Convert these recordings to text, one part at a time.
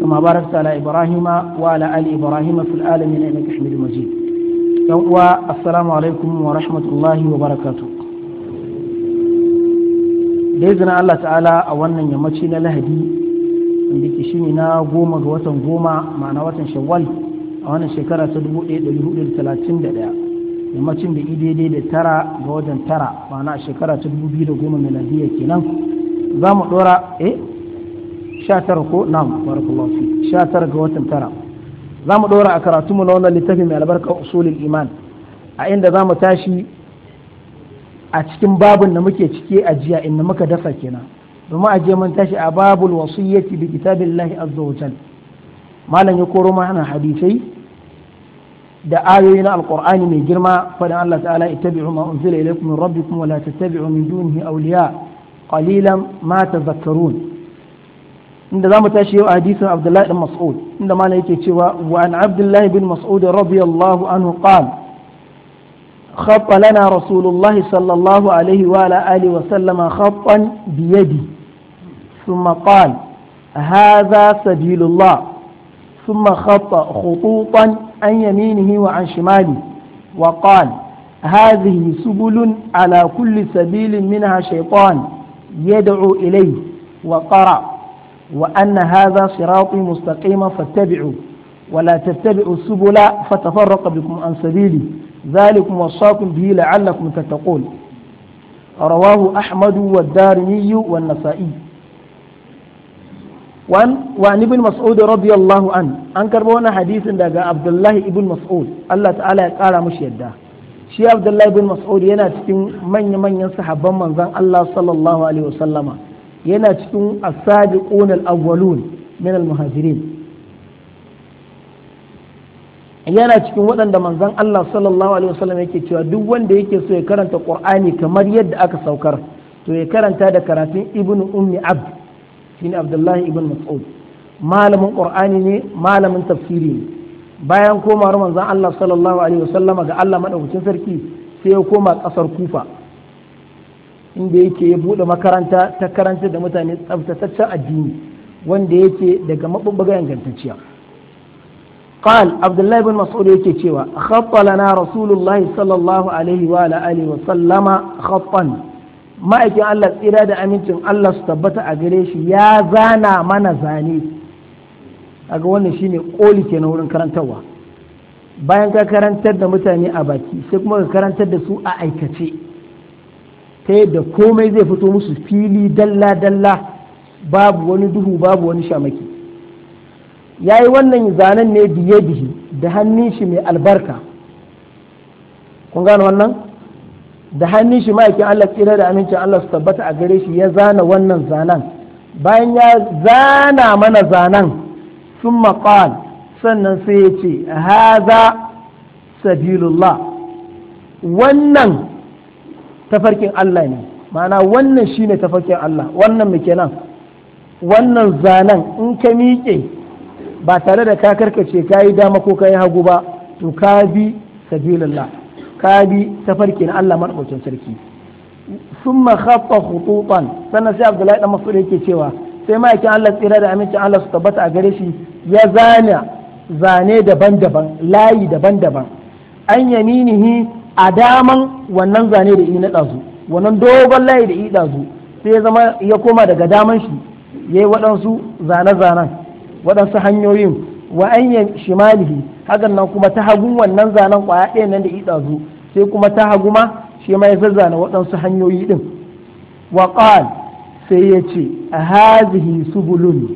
كما باركت على إبراهيم وعلى آل إبراهيم في العالمين إنك حميد مجيد السلام عليكم ورحمة الله وبركاته بإذن الله تعالى أولا يمشينا لهدي عندك شيني نا قوما قوة قوما معنا وطن شوال أولا شكرا تدبو إيه لهود الثلاثين دقيقة yammacin da idai da tara ga wajen tara ma'ana shekara ta dubu biyu da goma miladiyya kenan za mu ɗora eh 19 ko na'am barakallahu fi 19 ga watan tara za mu ɗora a karatu mu na wannan littafi mai albarka usulul iman a inda za mu tashi a cikin babun da muke ciki a jiya inda muka dafa kenan domin a je mun tashi a babul wasiyyati bi kitabillahi azza wa jal malam ya koro mana hadisai da ayoyi na alqur'ani mai girma faɗin Allah ta'ala ittabi'u ma unzila ilaykum min rabbikum wa la tattabi'u min dunihi awliya qalilan ma tadhakkarun inda zamu tashi yau a hadisin Abdullahi bin Mas'ud inda ma yake cewa wa an Abdullahi bin Mas'ud radiyallahu anhu qal khatta lana Rasulullah sallallahu alaihi wa ala alihi wa sallama khattan bi yadi thumma qal hadha sabilullah ثم خط خطوطا عن يمينه وعن شماله وقال هذه سبل على كل سبيل منها شيطان يدعو إليه وقرأ وأن هذا صراطي مستقيما فاتبعوا ولا تتبعوا السبل فتفرق بكم عن سبيلي ذلكم وصاكم به لعلكم تتقون رواه أحمد والدارمي والنسائي وعن, وعن ابن مسعود رضي الله عنه أنكر بونا حديث لقى عبد الله ابن مسعود الله تعالى قال مش يدا يده shi abdullahi bin mas'ud yana cikin manya-manyan sahabban manzon Allah sallallahu alaihi wasallama yana cikin as-sabiqun al-awwalun min al-muhajirin yana cikin waɗanda manzon Allah sallallahu alaihi wasallam yake cewa duk wanda yake so ya karanta Qur'ani kamar yadda aka saukar to ya karanta da karatun Ibn Ummi Abd shine Abdullahi ibn Mas'ud malamin Qur'ani ne malamin tafsiri ne bayan komawar manzon Allah sallallahu alaihi wasallama ga Allah madaukakin sarki sai ya koma ƙasar Kufa inda yake ya buɗe makaranta ta karanta da mutane tsaftataccen addini wanda yake daga mabubbuga ingantacciya قال Abdullahi bin mas'ud yake cewa khatta lana rasulullahi sallallahu alaihi wa alihi wa sallama khattan ma'aikin Allah tsira da amincin Allah su tabbata a gare shi ya zana mana zane kaga wannan shine koli ke na wurin karantarwa bayan ka karantar da mutane a baki sai kuma ka karantar da su a aikace ta yadda komai zai fito musu fili dalla-dalla babu wani duhu babu wani shamaki ya yi wannan zanen ne biye da hannun shi mai albarka kun gane wannan da hannun shi ma'aikin Allah tsira da amincin Allah su tabbata a gare shi ya zana wannan zanen bayan ya zana mana zanen sun maƙal sannan sai ya ce haza sabilullah wannan tafarkin Allah ne ma'ana wannan shi ne tafarkin Allah wannan muke nan wannan zanen in ka miƙe ba tare da ka karkace ka yi dama ko ka yi hagu ba to ka bi sabilillah ka bi tafarkin Allah maɗaukin sarki sun makhafa hututan sannan sai abdullahi dan masu yake cewa sai ma'aikin Allah tsira da amincin Allah su tabbata a gare shi ya zana zane daban-daban layi daban-daban an yaminihi a daman wannan zane da ina ɗazu wannan dogon layi da ina ɗazu sai ya zama ya koma daga daman shi ya yi waɗansu zane-zanen waɗansu hanyoyin wa anyan shimalihi hakan nan kuma ta hagu wannan zanen ƙwaya ɗaya nan da ina ɗazu sai kuma ta hagu ma shi ma ya zazzana waɗansu hanyoyi ɗin wa sai ya ce a hazihi subulun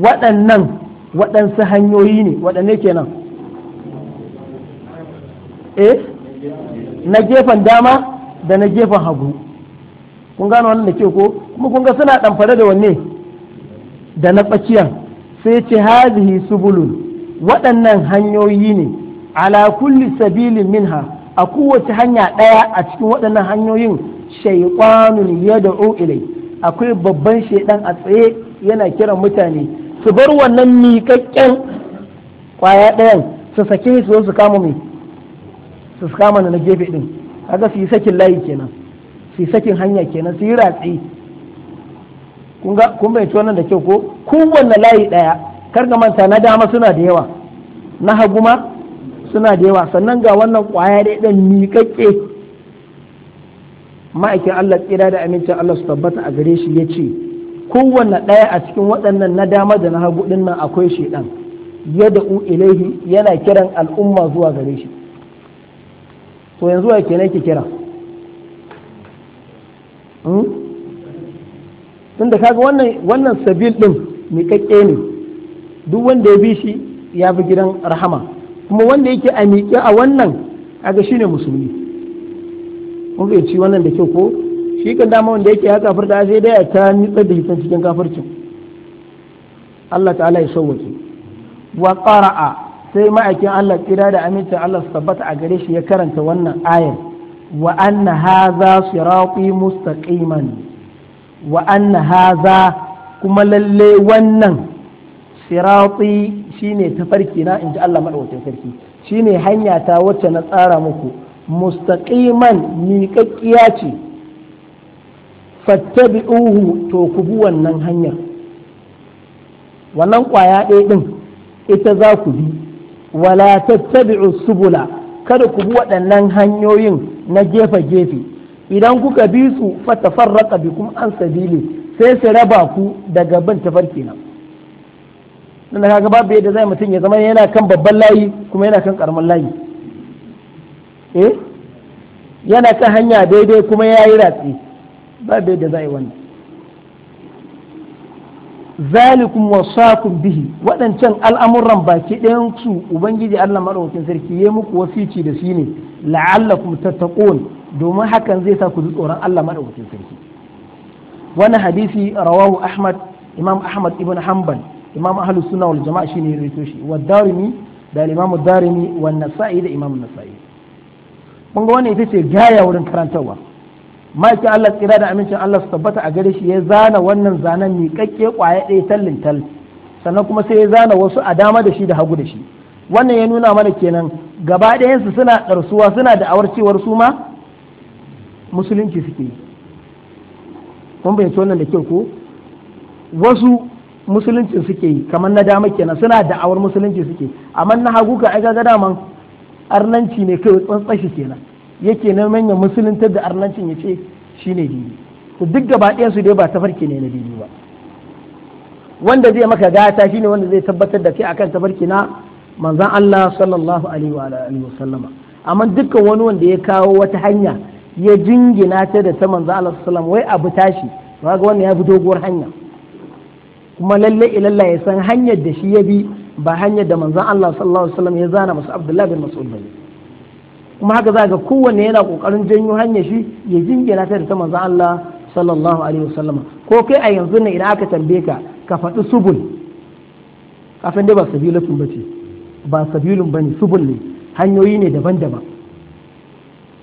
waɗannan waɗansu hanyoyi ne waɗanne kenan eh na gefen dama da na gefen hagu kun gano wannan da ke ko kuma kun ga suna ɗamfare da wanne da na tsakiyan sai ce hazihi subulun waɗannan hanyoyi ne ala kulli sabilin minha a kowace hanya ɗaya a cikin waɗannan hanyoyin shaikwanun ya da ilai akwai babban shaidan a tsaye yana kiran mutane su bar wannan miƙaƙƙen ƙwaya ɗayan su sake su su kama mai su kama na gefe din kaga su yi sakin layi kenan su yi sakin hanya kenan su yi ratsi kun bai wannan da kyau ko kowanne layi ɗaya kar ga manta na dama suna da yawa na haguma ma suna da yawa sannan ga wannan kwaya dai dan miƙaƙe ma'aikin Allah tsira da amincin Allah su tabbata a gare shi ya ce kowanne ɗaya a cikin waɗannan na dama da na hagu ɗin nan akwai shaidan yada u ilaihi yana kiran al'umma zuwa gare shi to yanzu ke ne ke kira hmm? da kaga wannan wannan sabil din miƙaƙƙe ne duk wanda ya bi shi ya bi gidan rahama kuma wanda yake a miƙe a wannan kaga ne musulmi mun fahimci wannan da kyau ko shi kan dama wanda yake ya kafirta sai dai a ta nitsar da hitan cikin kafircin Allah ta'ala ya sauwake wa qara'a sai ma'aikin Allah tsira da amincin Allah su tabbata a gare shi ya karanta wannan ayar wa anna hadha sirati mustaqiman wa anna kuma lalle wannan sirati shine tafarki na inji Allah madaukakin sarki shine hanya ta wacce na tsara muku mustaqiman miƙaƙƙiya ce fattabi'uhu to ku bi wannan hanyar wannan ƙwaya ɗaya ɗin ita za ku bi wala tattabi'u subula kada ku bi waɗannan hanyoyin na gefe gefe idan kuka bi su tafarraqa bikum an sabili sai su raba ku daga ban tafarki nan dan kaga babu yadda zai mutum ya zama yana kan babban layi kuma yana kan karamin layi eh yana kan hanya daidai kuma yayi ratsi babu yadda zai wannan zalikum wasakum bihi waɗancan al'amuran baki ɗayan su ubangiji Allah madaukakin sarki ya muku wasici da shi ne la'allakum tattaqun domin hakan zai sa ku ji tsoron Allah madaukakin sarki wannan hadisi rawahu Ahmad Imam Ahmad ibn Hanbal Imam Ahlus Sunna wal Jama'a shine rito shi wa Darimi da Imam Darimi wa Nasa'i da Imam Nasa'i kun ga ita ce gaya wurin karantarwa maikin Allah tsira da amincin Allah su tabbata a gare shi ya zana wannan zanen miƙaƙƙe ƙwaya ɗaya tallin tal sannan kuma sai ya zana wasu a dama da shi da hagu da shi wannan ya nuna mana kenan gaba ɗayansu suna ɗarsuwa suna da cewar su ma musulunci suke kun bayyanci wannan da kyau ko wasu musulunci suke kamar na dama kenan suna da'awar musulunci suke amma na hagu ka ai ga daman arnanci ne kai tsantsashi kenan yake na ya musuluntar da arlancin ya ce shi ne dini to duk gaba ba su dai ba tafarki ne na dini ba wanda zai maka gata ne wanda zai tabbatar da kai akan tafarki na manzan Allah sallallahu alaihi wa wa sallama amma dukkan wani wanda ya kawo wata hanya ya jingina ta da ta manzan Allah sallallahu wai abu tashi ba ga wannan ya fi doguwar hanya kuma lalle ilalla ya san hanyar da shi ya bi ba hanyar da manzan Allah sallallahu alaihi wa sallam ya zana masu Abdullahi bin Mas'ud bane kuma haka za ga kowanne yana kokarin janyo hanyar shi ya jingina ta da ta manzo Allah sallallahu alaihi wasallam ko kai a yanzu ne idan aka tambaye ka ka faɗi subul kafin dai ba sabilatun ba ba sabilun ba ne subul ne hanyoyi ne daban-daban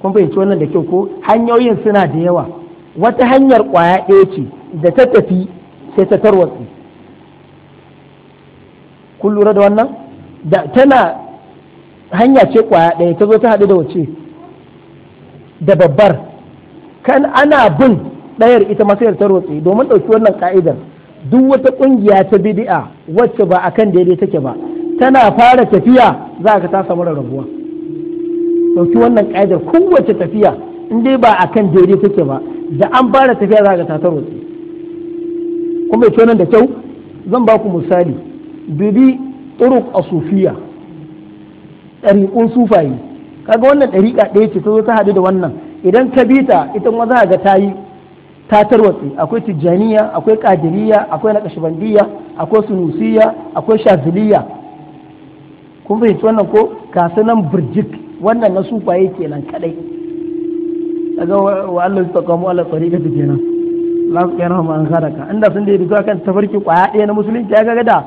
kun fahimci wannan da kyau ko hanyoyin suna da yawa wata hanyar ƙwaya ɗaya ce da ta tafi sai ta tarwatsi kun lura da wannan da tana hanya ce kwaya ɗaya ta zo ta haɗu da wace da babbar kan ana bin ɗayar ita masayar ta rotse domin ɗauki wannan ka'idar duk wata ƙungiya ta bidi'a wacce ba a kan daidai take ba tana fara tafiya za ka ta samu rarrabuwa ɗauki wannan ka'idar kowace tafiya in dai ba a kan daidai take ba da an fara tafiya za ka ta ta rotse kuma ya nan da kyau zan ba ku misali bibi turuk a sufiya ɗariƙun sufaye kaga wannan ɗariƙa ɗaya ce ta zo ta haɗu da wannan idan ka bi ta ita ma za ga ta yi ta tarwatsi akwai tijjaniya akwai ƙadiriya akwai naƙashbandiya akwai sunusiya akwai shaziliya kun fahimci wannan ko kasu nan birjik wannan na sufaye kenan kadai kaga wa Allah ya tsaka mu Allah tsarika ta kenan la su ma an karaka inda sun da yi kan tafarki kwaya ɗaya na musulunci ya ga da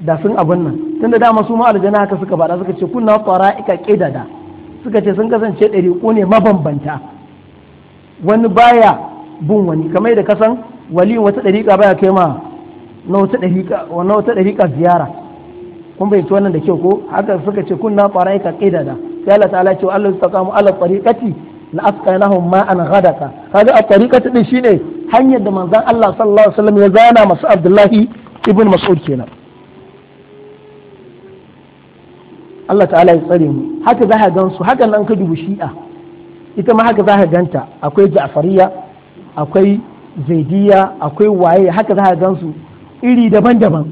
da sun abun nan tunda dama su ma aljana haka suka bada suka ce kunna qara'ika qidada suka ce sun kasance ɗari ko ne mabambanta wani baya bin wani kamar da kasan wali wata ɗariƙa baya kai ma na wata ɗariƙa na wata ɗariƙa ziyara kun wannan da kyau ko haka suka ce kunna qara'ika qidada sai Allah ta'ala ce Allah ya na ala tariqati la asqainahum ma'an ka kaga a tariqati ɗin shine hanyar da manzon Allah sallallahu alaihi wasallam ya zana masu Abdullahi ibn Mas'ud kenan Allah ta'ala ya tsare mu haka za ka gansu haka nan ka dubu shi'a ita ma haka za ka ganta akwai ja'fariya akwai zaidiya akwai waye haka za ka gansu iri daban-daban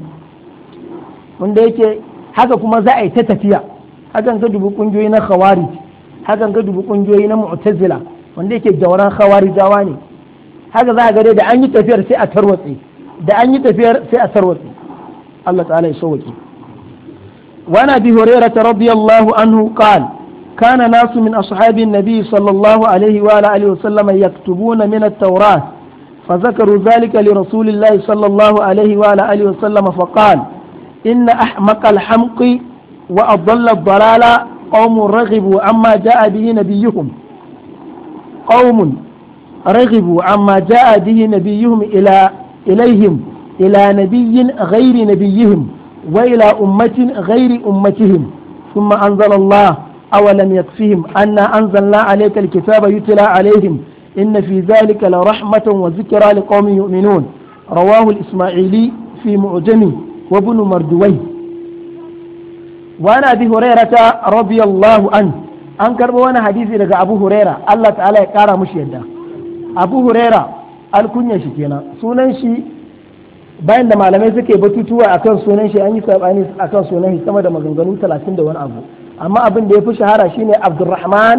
wanda yake haka kuma za a yi ta tafiya hakan ka dubu kungiyoyi na khawari haka ka dubu kungiyoyi na mu'tazila wanda yake khawari dawa ne haka za ka ga da an yi tafiyar sai a tarwatse da an yi tafiyar sai a tarwatse Allah ta'ala ya sauke وعن أبي هريرة رضي الله عنه قال كان ناس من أصحاب النبي صلى الله عليه وآله وسلم يكتبون من التوراة فذكروا ذلك لرسول الله صلى الله عليه وآله وسلم فقال إن أحمق الحمق وأضل الضلال قوم رغبوا عما جاء به نبيهم قوم رغبوا عما جاء به نبيهم إلى إليهم إلى نبي غير نبيهم وإلى أمة غير أمتهم ثم أنزل الله أولم يكفهم أنا أنزلنا عليك الكتاب يتلى عليهم إن في ذلك لرحمة وذكرى لقوم يؤمنون رواه الإسماعيلي في معجمه وابن مردويه وعن أبي هريرة رضي الله عنه an karɓo wani hadisi daga abu huraira allah ta'ala ya ƙara mushi yadda abu huraira alkunya shi kenan sunan shi bayan da malamai suke batutuwa akan sunan shi an yi sabani akan sunan shi sama da maganganu talatin da wani abu amma abin da ya fi shahara shi ne abdurrahman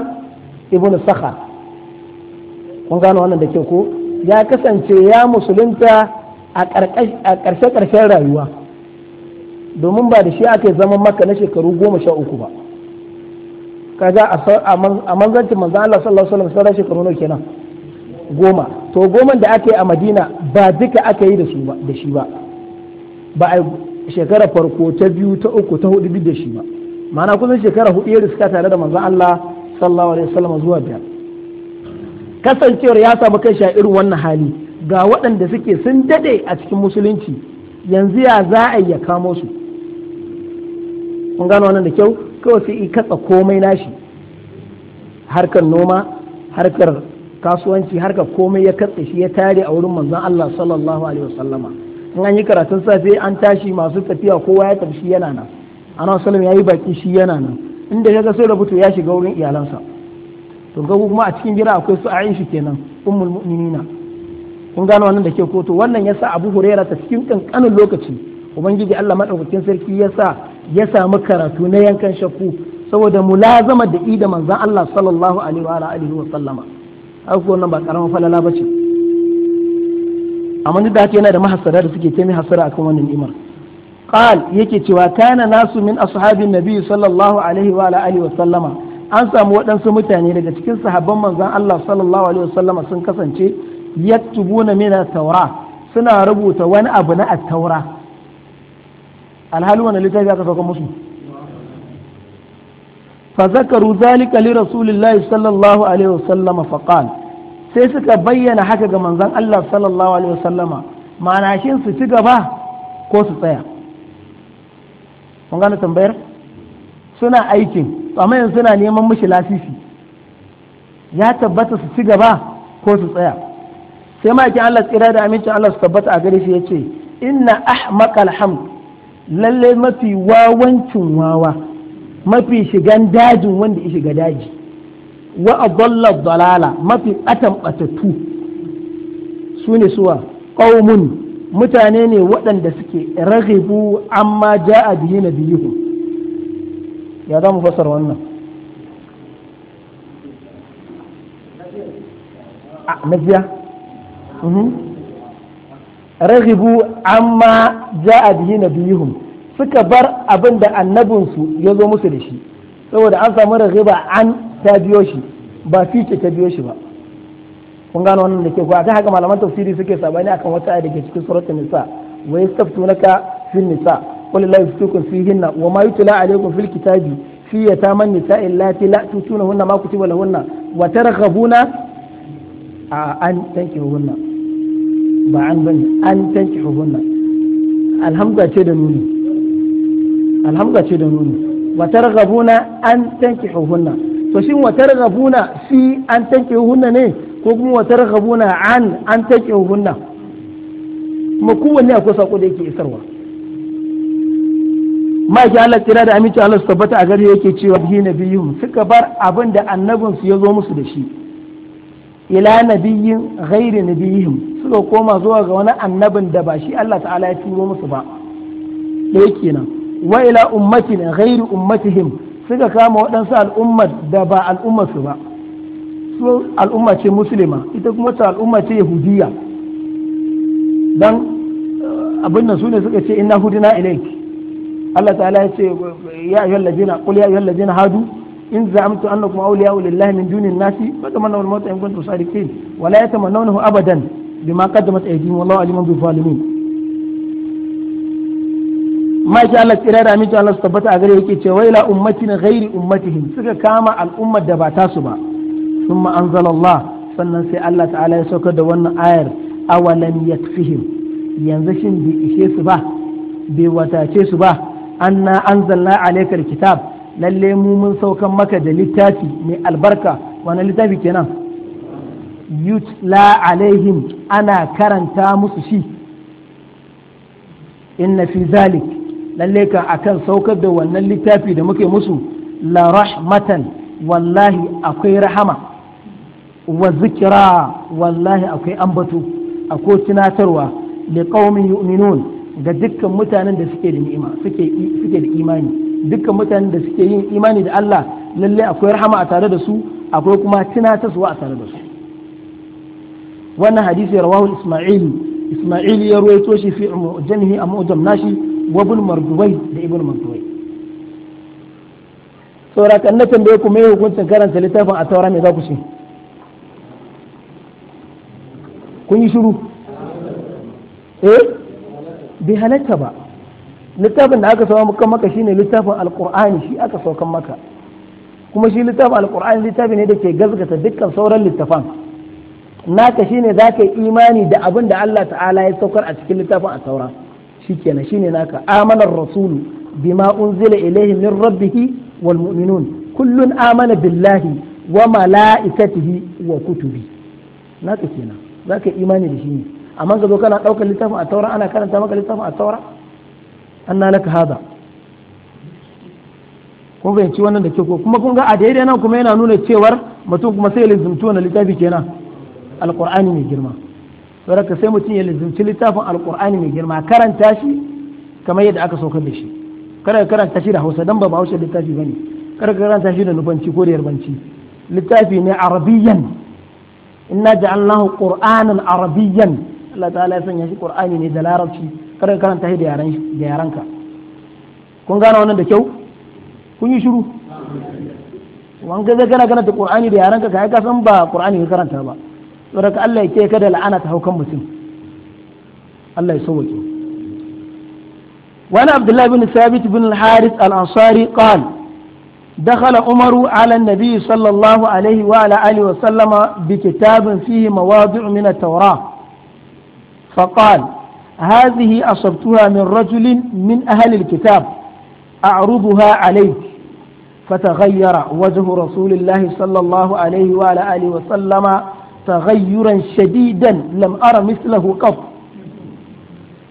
ibn Sakha kun gano wannan da ke ko ya kasance ya musulunta a ƙarshe ƙarshen rayuwa domin ba da shi aka zaman maka na shekaru goma sha uku ba kaga a manzancin manzan Allah sallallahu alaihi wasallam sauran shekaru nawa kenan goma to goman da aka yi a madina ba duka aka yi da shi ba ba a shekara farko ta biyu ta uku ta hudu duk da shi ba ma'ana kusan shekara hudu ya riska tare da manzan Allah sallallahu alaihi wasallam zuwa biyar kasancewar ya samu kai sha irin wannan hali ga waɗanda suke sun dade a cikin musulunci yanzu ya za a ya kamo su kun gano wannan da kyau kawai sai i katsa komai nashi harkar noma harkar kasuwanci harka komai ya katse shi ya tare a wurin manzon Allah sallallahu alaihi wasallama in an yi karatun safe an tashi masu tafiya kowa ya tafi shi yana nan ana sallam yayi baki shi yana nan inda ga sai rubutu ya shiga wurin iyalansa to ga kuma a cikin gida akwai su Aisha kenan ummul mu'minina kun gano wannan da ke ko to wannan yasa Abu Hurairah ta cikin kankanin lokaci ubangiji Allah madaukakin sarki yasa ya samu karatu na yankan shakku saboda mulazama da ida manzon Allah sallallahu alaihi wa alihi wa sallama haka nan ba karamin falala ba ce amma duk da haka yana da mahasara da suke taimi hasara akan wannan ni'imar qal yake cewa kana nasu min ashabin nabi sallallahu alaihi wa alihi wa sallama an samu waɗansu mutane daga cikin sahabban manzon Allah sallallahu alaihi wa sallama sun kasance yaktubuna min at-taura suna rubuta wani abu na at-taura alhali wannan littafi aka sauka musu فذكروا ذلك لرسول الله صلى الله عليه وسلم فقال sai suka bayyana haka ga manzon Allah sallallahu alaihi wasallama ma'ana shin su ci gaba ko su tsaya kun gane tambayar suna aikin amma yanzu suna neman mishi lasisi ya tabbata su ci gaba ko su tsaya sai ma'aikin Allah tsira da amincin Allah su tabbata a gare shi ya ce inna ahmaqal alhamd lallai mafi wawancin wawa mafi shigan dajin wanda ya shiga daji wa adalla dalala mafi atan batattu su ne suwa qaumun mutane ne waɗanda suke ragibu amma ja'a na nabiyuhum ya za mu fasar wannan nabiya mhm. ragibu amma ja'a na nabiyuhum suka bar abin da annabinsu ya zo musu da shi saboda an samu ragiba an ta biyo shi ba fi ta biyo shi ba kun gano wannan da ke kuwa ta haka malaman tafsiri suke sabani akan wata ayat da ke cikin suratul nisa wa yastaftunaka fil nisa qul la yuftukum fihinna wa ma yutla alaykum fil kitabi fi yatama nisa illati la tutunahunna ma kutiba lahunna wa targhabuna an tankihunna ba an bane an tankihunna alhamdulillah ce da nuni alhamdulillah ce da nuni watargabuna targhabuna an tankihuhunna to shin watargabuna fi an tankihuhunna ne ko kuma watargabuna targhabuna an an tankihuhunna kuma kowanne akwai sako da yake isarwa ma'aikin Allah tira da aminci Allah su tabbata a gari yake cewa bihi nabiyuhum suka bar abin da annabinsu ya zo musu da shi ila nabiyin ghairi nabiyihim suka koma zuwa ga wani annabin da ba shi Allah ta'ala ya turo musu ba da yake wa ila ummatin ghairi ummatihim suka kama waɗansu al'ummar da ba al'ummarsu ba su al'umma ce musulma ita kuma ta al'umma ce yahudiya dan eh, abin nan sune suka ce inna hudina ilaik Allah ta'ala ya ce ya ayyuhal ladina qul ya ayyuhal ladina hadu in za'amtu annakum awliya'u lillahi min dunin nasi fa tamannaw al-mauta in kuntum sadiqin wa la yatamannahu abadan bima qaddamat aydihim wallahu alimun bil zalimin ma ki Allah tsira da aminci Allah su tabbata a gare yake ce waila na ghairi ummatihim suka kama al'ummar da ba ta su ba thumma anzalallah sannan sai Allah ta'ala ya saukar da wannan ayar awalan yakfihim yanzu shin bai ishe su ba bai watace su ba anna anzalna alaykal kitab lalle mu mun saukan maka da littafi mai albarka wani littafi kenan yutla alaihim ana karanta musu shi inna fi zalik lalle kan akan saukar da wannan littafi da muke musu la rahmatan wallahi akwai rahama wa zikira wallahi akwai ambato akwai tunatarwa li qaumin yu'minun ga dukkan mutanen da suke da ni'ima suke suke da imani dukkan mutanen da suke yin imani da Allah lalle akwai rahama a tare da su akwai kuma tunatarwa a tare da su wannan hadisi rawahu Isma'ilu isma'ili ya ruwaito shi fi jami'i a mu'jam nashi wa ibn marduwai da ibn marduwai saboda kan na tambaye ku me hukuncin karanta littafin a taura me za ku ce kun yi shiru eh bai halatta ba littafin da aka sauka maka maka shine littafin alqur'ani shi aka sauka maka kuma shi littafin alqur'ani littafi ne da ke gazgata dukkan sauran littafan naka shine zaka yi imani da abin da Allah ta'ala ya saukar a cikin littafin a taura shikenan shine naka amanar rasulu bima unzila ilayhi min rabbih wal mu'minun kullun amana billahi wa mala'ikatihi wa kutubi naka kenan zaka imani da shi ne amma ka zo kana daukar littafin a taura ana karanta maka littafin a taura anna laka hada kun fahimci wannan da ke ko kuma kun ga a daidai nan kuma yana nuna cewar mutum kuma sai ya lizumci wannan littafi kenan alqur'ani mai girma saboda sai mutum ya lizinci littafin alkur'ani mai girma karanta shi kamar yadda aka saukar da shi kada ka karanta shi da hausa dan ba bahaushe littafi bane kada ka karanta shi da nufanci ko da yarbanci littafi ne arabiyan inna ja'alnahu qur'anan arabiyan Allah ta'ala ya sanya shi qur'ani ne da larabci kada ka karanta shi da yaran da yaranka kun gane wannan da kyau kun yi shiru wanga zai gana karanta qur'ani da yaranka kai ka san ba qur'ani ka karanta ba saboda Allah ya ke kada la'ana ta haukan mutum Allah ya sauke wani abdullahi bin sabit bin al-haris al-ansari qal دخل عمر على النبي صلى الله عليه وعلى آله وسلم بكتاب فيه مواضع من التوراة فقال هذه أصبتها من رجل من أهل الكتاب أعرضها عليك فتغير وجه رسول الله صلى الله عليه وعلى آله وسلم تغيرا شديدا لم أرى مثله قط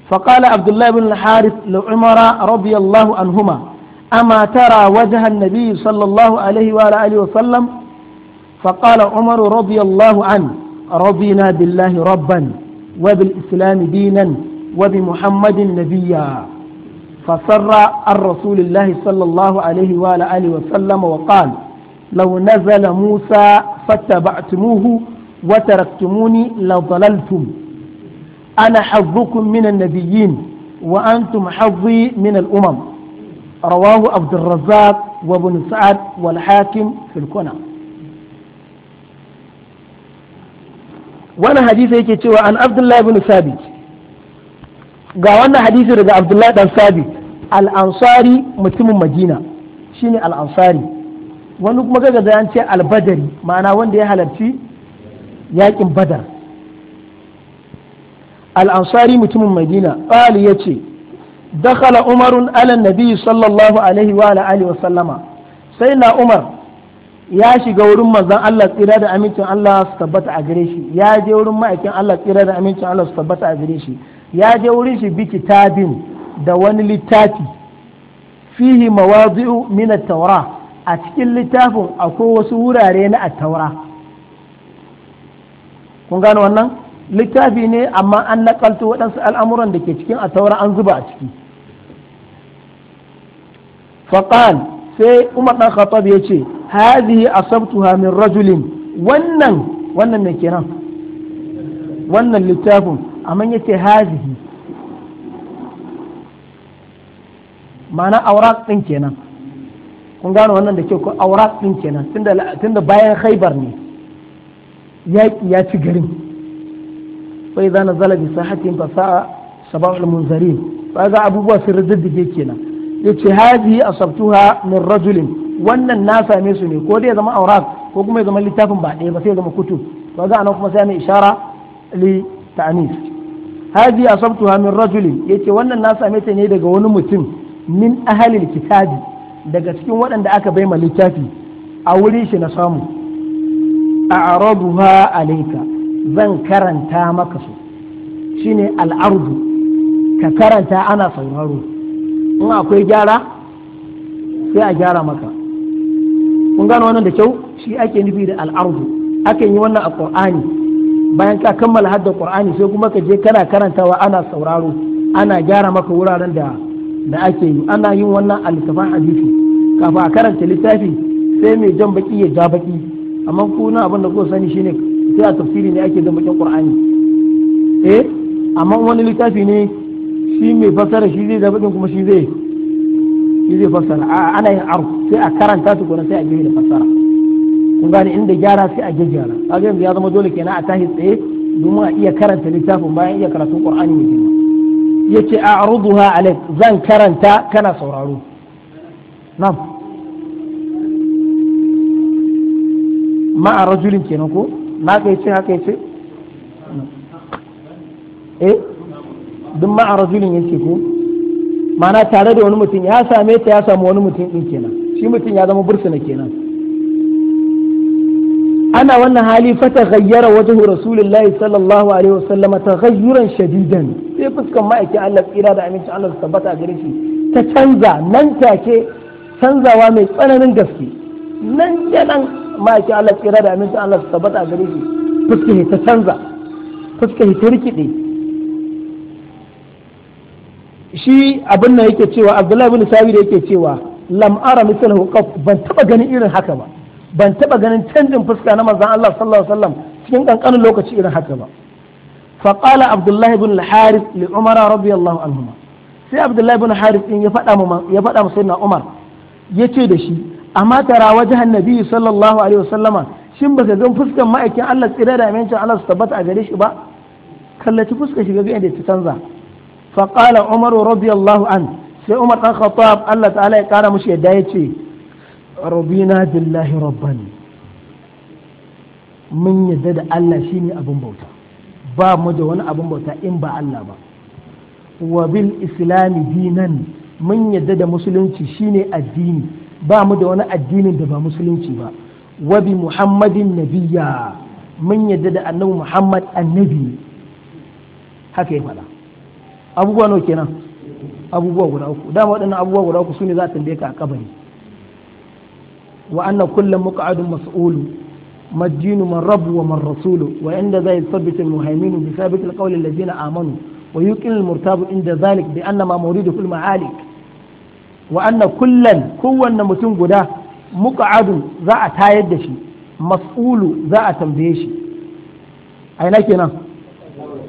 فقال عبد الله بن الحارث لعمر رضي الله عنهما أما ترى وجه النبي صلى الله عليه وآله وسلم فقال عمر رضي الله عنه رضينا بالله ربا وبالإسلام دينا وبمحمد نبيا فسر عن رسول الله صلى الله عليه وآله وسلم وقال لو نزل موسى فاتبعتموه wa taraktumuni la dalaltum ana hazzukum min annabiyyin wa antum hazzi min al-umam rawahu abdurrazzaq wa ibn sa'ad wal hakim fil hadisi yake cewa an abdullahi ibn sabit ga wannan hadisi daga abdullahi dan sabit al-ansari mutumin madina shine al-ansari wani kuma ga da an ce ma'ana wanda ya halarci yakin badar al'ansari mutumin madina ƙali ya ce dakhala umarun alan nabi sallallahu alaihi wa alihi wa sallama sai na umar ya shiga wurin manzon Allah tsira da amincin Allah su tabbata a gare shi ya je wurin ma'aikin Allah tsira da amincin Allah su tabbata a gare shi ya je wurin shi bi kitabin da wani littafi fihi mawadi'u min at-taura a cikin littafin akwai wasu wurare na at-taura kun gano wannan littafi ne amma an nakalto waɗansu al'amuran da ke cikin a taura an zuba a ciki faƙan sai umar ɗan khattab ya ce hadhihi asabtuha min rajulin wannan wannan me kenan wannan littafin amma yace hazihi ma'ana aurat din kenan kun gano wannan da ke ko aurat din kenan tunda tunda bayan khaybar ne yaƙi ya ci garin bai zana zala bi sahatin fa sa'a sabahul munzarin ba ga abubuwa sun riddige kenan yace a asabtuha min rajulin wannan na same su ne ko dai zama aurat ko kuma ya zama littafin ba ɗaya ba sai zama kutu ba a anan kuma sai mai ishara li ta'anis a asabtuha min rajulin yace wannan na same ta ne daga wani mutum min ahalil kitabi daga cikin waɗanda aka bai ma littafi a wurin shi na samu a'raduha alayka zan karanta maka su shine al'ardu ka karanta ana sauraro in akwai gyara sai a gyara maka kun gano wannan da kyau shi ake nufi da al'ardu akan yi wannan a qur'ani bayan ka kammala hadda qur'ani sai kuma ka je kana karantawa ana sauraro ana gyara maka wuraren da da ake yi ana yin wannan a littafin hadisi kafin a karanta littafi sai mai jan baki ya ja baki amma kuna abin da ku sani shine sai a tafsiri ne ake zama kin qur'ani eh amma wani littafi ne shi mai fassara shi zai zaɓi kuma shi zai shi zai fassara a ana yin arku sai a karanta su kuma sai a gani da fassara kun gane inda gyara sai a gyara kaga yanzu ya zama dole kenan a tahi tsaye domin a iya karanta littafin bayan iya karatun qur'ani ne yace a'ruduha alayk zan karanta kana sauraro na'am a rajulin kenan ko na ka yace haka yace eh duk a rajulin yace ko mana tare da wani mutum ya same ta ya samu wani mutum din kenan shi mutum ya zama bursuna kenan ana wannan hali fa ta gayyara wajhu rasulullahi sallallahu alaihi wasallam taghayyuran shadidan sai fuskan ma'aikin Allah tsira da aminci Allah su tabbata gare shi ta canza nan take canzawa mai tsananin gaske nan da nan ma'aikin Allah tsira da aminci Allah su tabbata a gare shi fuska ta canza fuska ta rikide shi abin nan yake cewa Abdullahi bin Sabi da yake cewa lam ara mislahu qaf ban taba ganin irin haka ba ban taba ganin canjin fuska na manzon Allah sallallahu alaihi wasallam cikin kankanin lokaci irin haka ba فقال عبد الله بن الحارث لعمر رضي الله عنهما sai abdullahi bin haris din ya faɗa ya faɗa masa na umar ya ce da shi amma tara wajen nabi sallallahu alaihi wasallama shin baka gan fuskan ma'aikin Allah tsira da amincin Allah su tabbata a gare shi ba kallaci fuskar shi ga inda ta canza fa qala umar radiyallahu an sai umar dan khattab Allah ta'ala ya kara mushi yadda yace rubina billahi rabban mun yadda da Allah shine abin bauta ba mu da wani abin bauta in ba Allah ba wa bil islami dinan mun yadda da musulunci shine addini ba mu da wani addinin da ba musulunci ba wa bi muhammadin Nabiya. mun yadda da annabi muhammad annabi haka ya faɗa abubuwa nawa kenan abubuwa guda uku dama waɗannan abubuwa guda uku sune za ta tambaye ka a kabari wa anna kullum muq'adun mas'ulu مدين من رب ومن رسول وعند ذلك يثبت المهيمن بثابت القول الذين آمنوا ويقل المرتاب عند ذلك بأن ما مورده المعالي wa anna kullan kowanne mutum guda muka za a tayar da shi mas'ulu za a tambaye shi aina kenan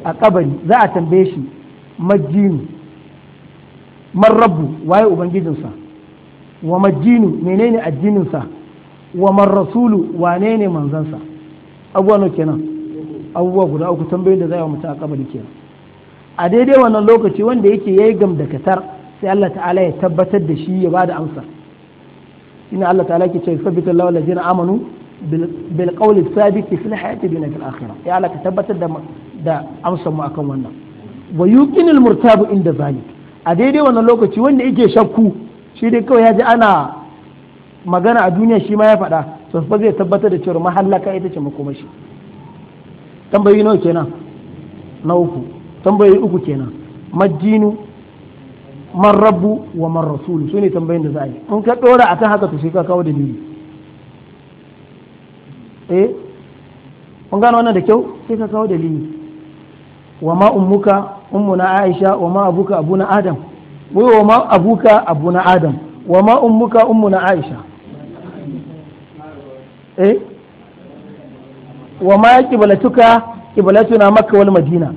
a kabari za a tambaye shi majinu man rabbu waye ubangijinsa wa majinu menene addininsa wa man rasulu wane ne manzansa abubuwa no kenan abubuwa guda uku tambayoyin da za a yi wa mutum a kabari kenan a daidai wannan lokaci wanda yake yayi gamdakatar sai Allah ta'ala ya tabbatar da shi ya bada amsa ina Allah ta'ala ke ce sabbita Allah jina amanu bil qawli thabit fil hayati dunya fil akhirah ya Allah ka tabbatar da da amsar mu akan wannan wa yuqinul murtabu inda zalik a daidai wannan lokaci wanda yake shakku shi dai kawai ya ji ana magana a duniya shi ma ya faɗa to fa zai tabbatar da cewa mahallaka ita ce makomashi tambayi nawa kenan na uku tambayi uku kenan majinu man rabbu wa man rasulu su ne tambayin da za a yi in ka dora a kan haka to sai ka kawo dalili eh kun gano wannan da kyau sai ka kawo dalili wa ma ummuka ummuna aisha wa ma abuka abuna adam wai wa ma abuka abuna adam wa ma ummuka ummuna aisha eh wa ma qiblatuka qiblatuna makka wal madina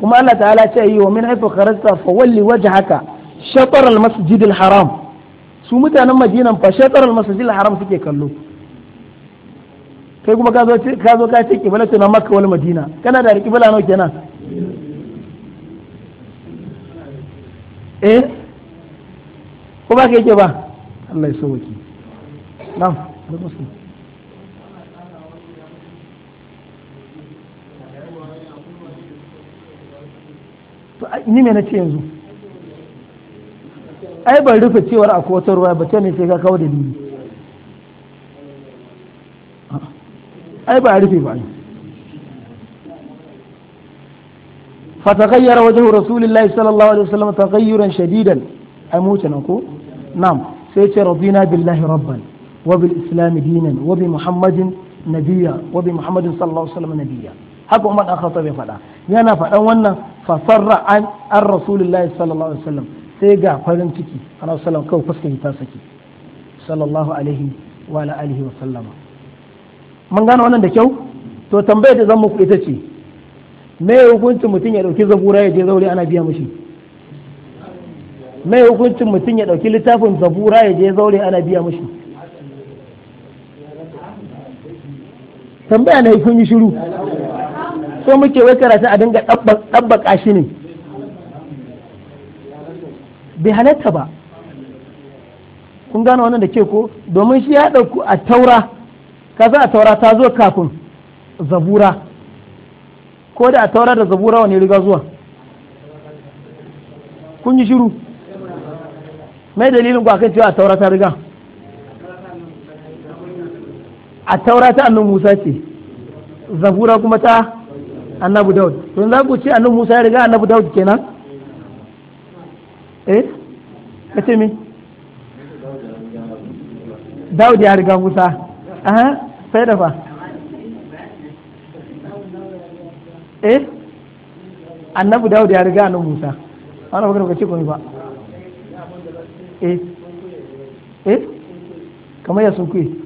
kuma Allah ta'ala ce yi wa min haifu kharajta fa walli wajhaka shatar al-masjid al-haram su mutanen madinan fa shatar al-masjid al-haram suke kallo kai kuma ka zo ka zo ka ce kiblatu na makka wal madina kana da kibla nawa kenan eh ko ba ka ba Allah ya sauki na'am ni me nace yanzu ai ban rufe cewar akwai wata ruwa ba ta ne sai ka kawo dalili ai ba rufe ba فتغير وجه رسول الله صلى الله عليه وسلم تغيرا شديدا أموت نقول نعم سيت رضينا بالله ربا وبالإسلام دينا وبمحمد نبيا وبمحمد صلى الله عليه وسلم نبيا haka من أخطب فلا يا faɗa yana fasarra an an rasulullahi sallallahu alaihi wasallam sai ga farin ciki ana sallam kawai fuskar ta saki sallallahu alaihi wa alihi wa sallama mun gane wannan da kyau to tambayar da zan muku ita ce me hukuncin mutum ya dauki zabura ya je zaure ana biya mishi me hukuncin mutum ya dauki littafin zabura ya je zaure ana biya mishi tambaya na kun yi shiru so muke wai karatu a dinga ɗabbaka shi ne bai halatta ba kun gano wannan da ke ko domin shi ya ɗauku a taura kaza a taura ta zo kafin zabura ko da a taura da zabura wani riga zuwa kun yi shiru mai dalilin ku akan cewa a taura ta riga a taura ta annan musa ce zabura kuma ta annabu daud to za ku ce annabu musa ya riga annabu daud kenan eh kace mi daud ya riga musa aha sai da fa eh annabu daud ya riga annabu musa ana magana kace komai ba eh eh kamar ya sun kuyi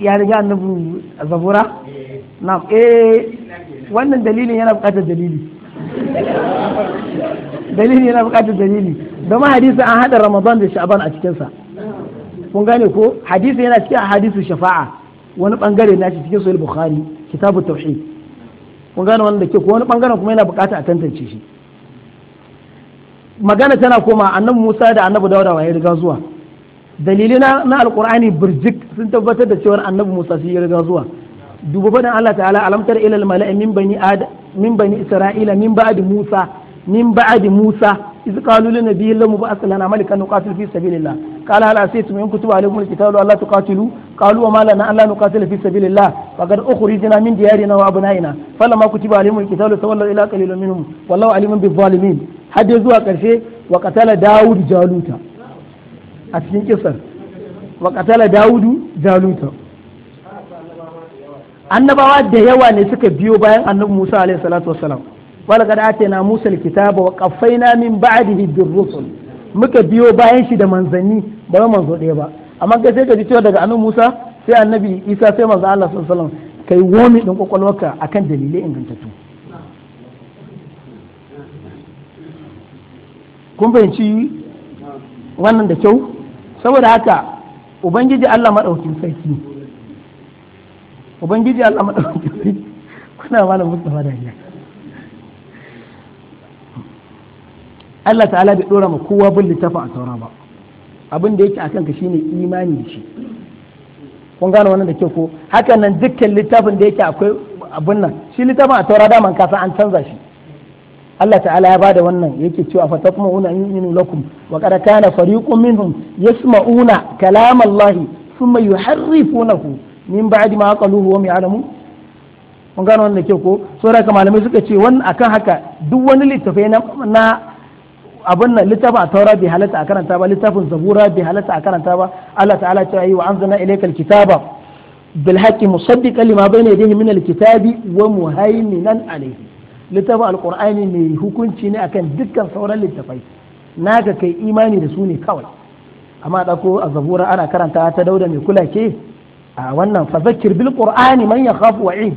ya riga annabu zabura na eh wannan dalilin yana bukatar dalili dalili yana bukatar dalili domin hadisi an hada ramadan da sha'ban a cikinsa kun gane ko hadisi yana cikin hadisu shafa'a wani bangare na shi cikin sahih bukhari kitabu tauhid kun gane wannan da ke ko wani bangaren kuma yana bukata a tantance shi magana tana koma annabi Musa da annabi Dawuda ya riga zuwa dalilai na na alqur'ani burjik sun tabbatar da cewa annabi musa shi ya zuwa dubu fadin allah ta'ala alamtar ila al-mala'i min bani ad min bani isra'ila min ba'di musa min ba'di musa iz qalu lin nabiyyi lam ba'ath lana malikan nuqatil fi sabilillah qala hal asaytum in kutiba alaykum al-qitalu alla tuqatilu qalu wa ma lana an la nuqatila fi sabilillah faqad ukhrijna min diyarina wa abnaina falamma kutiba alaykum al-qitalu tawalla ila qalilun minhum wallahu alimun bi-dhalimin hadda zuwa karshe wa qatala daud jaluta a cikin kisan wa katala dawudu jaluta annabawa da yawa ne suka biyo bayan annabi Musa alaihi salatu wassalam walaqad atayna Musa alkitaba wa qaffayna min ba'dihi birrusul muka biyo bayan shi da manzanni ba manzo ɗaya ba amma ga sai ka ji cewa daga annabi Musa sai annabi Isa sai manzo Allah sallallahu alaihi wasallam kai womi din kokolwarka akan dalilai ingantattu kun ci wannan da kyau saboda haka ubangiji Allah maɗauki sarki ubangiji Allah maɗauki sarki kuna malam mustafa da hanyar Allah ta'ala bai ɗora ma kowa bin littafin a taura ba abin da yake kanka shi shine imani shi kun gano wannan da kyau ko hakan nan dukkan littafin da yake akwai abin nan shi littafin a taura daman kasa an canza shi Allah ta'ala ya bada wannan yake cewa fa tatma'una an yu'minu lakum wa qad kana fariqun minhum yasma'una kalam Allah thumma yuharrifunahu min ba'di ma aqaluhu wa ya'lamu mun gano wannan ke ko su haka malamai suka ce wannan akan haka duk wani littafai na abin nan littafin a taura bai halatta a karanta ba littafin zabura bai halatta a karanta ba Allah ta'ala ta yi wa anzana ilaykal kitaba bil haqqi musaddiqan lima bayna yadayhi min al kitabi wa muhaiminan alayhi littafin alkur'ani mai hukunci ne akan dukkan sauran littafai Na ga kai imani da su ne kawai amma dako a zabura ana karanta ta dauda mai kula ke a wannan fazakir bil qur'ani man yakhafu wa'id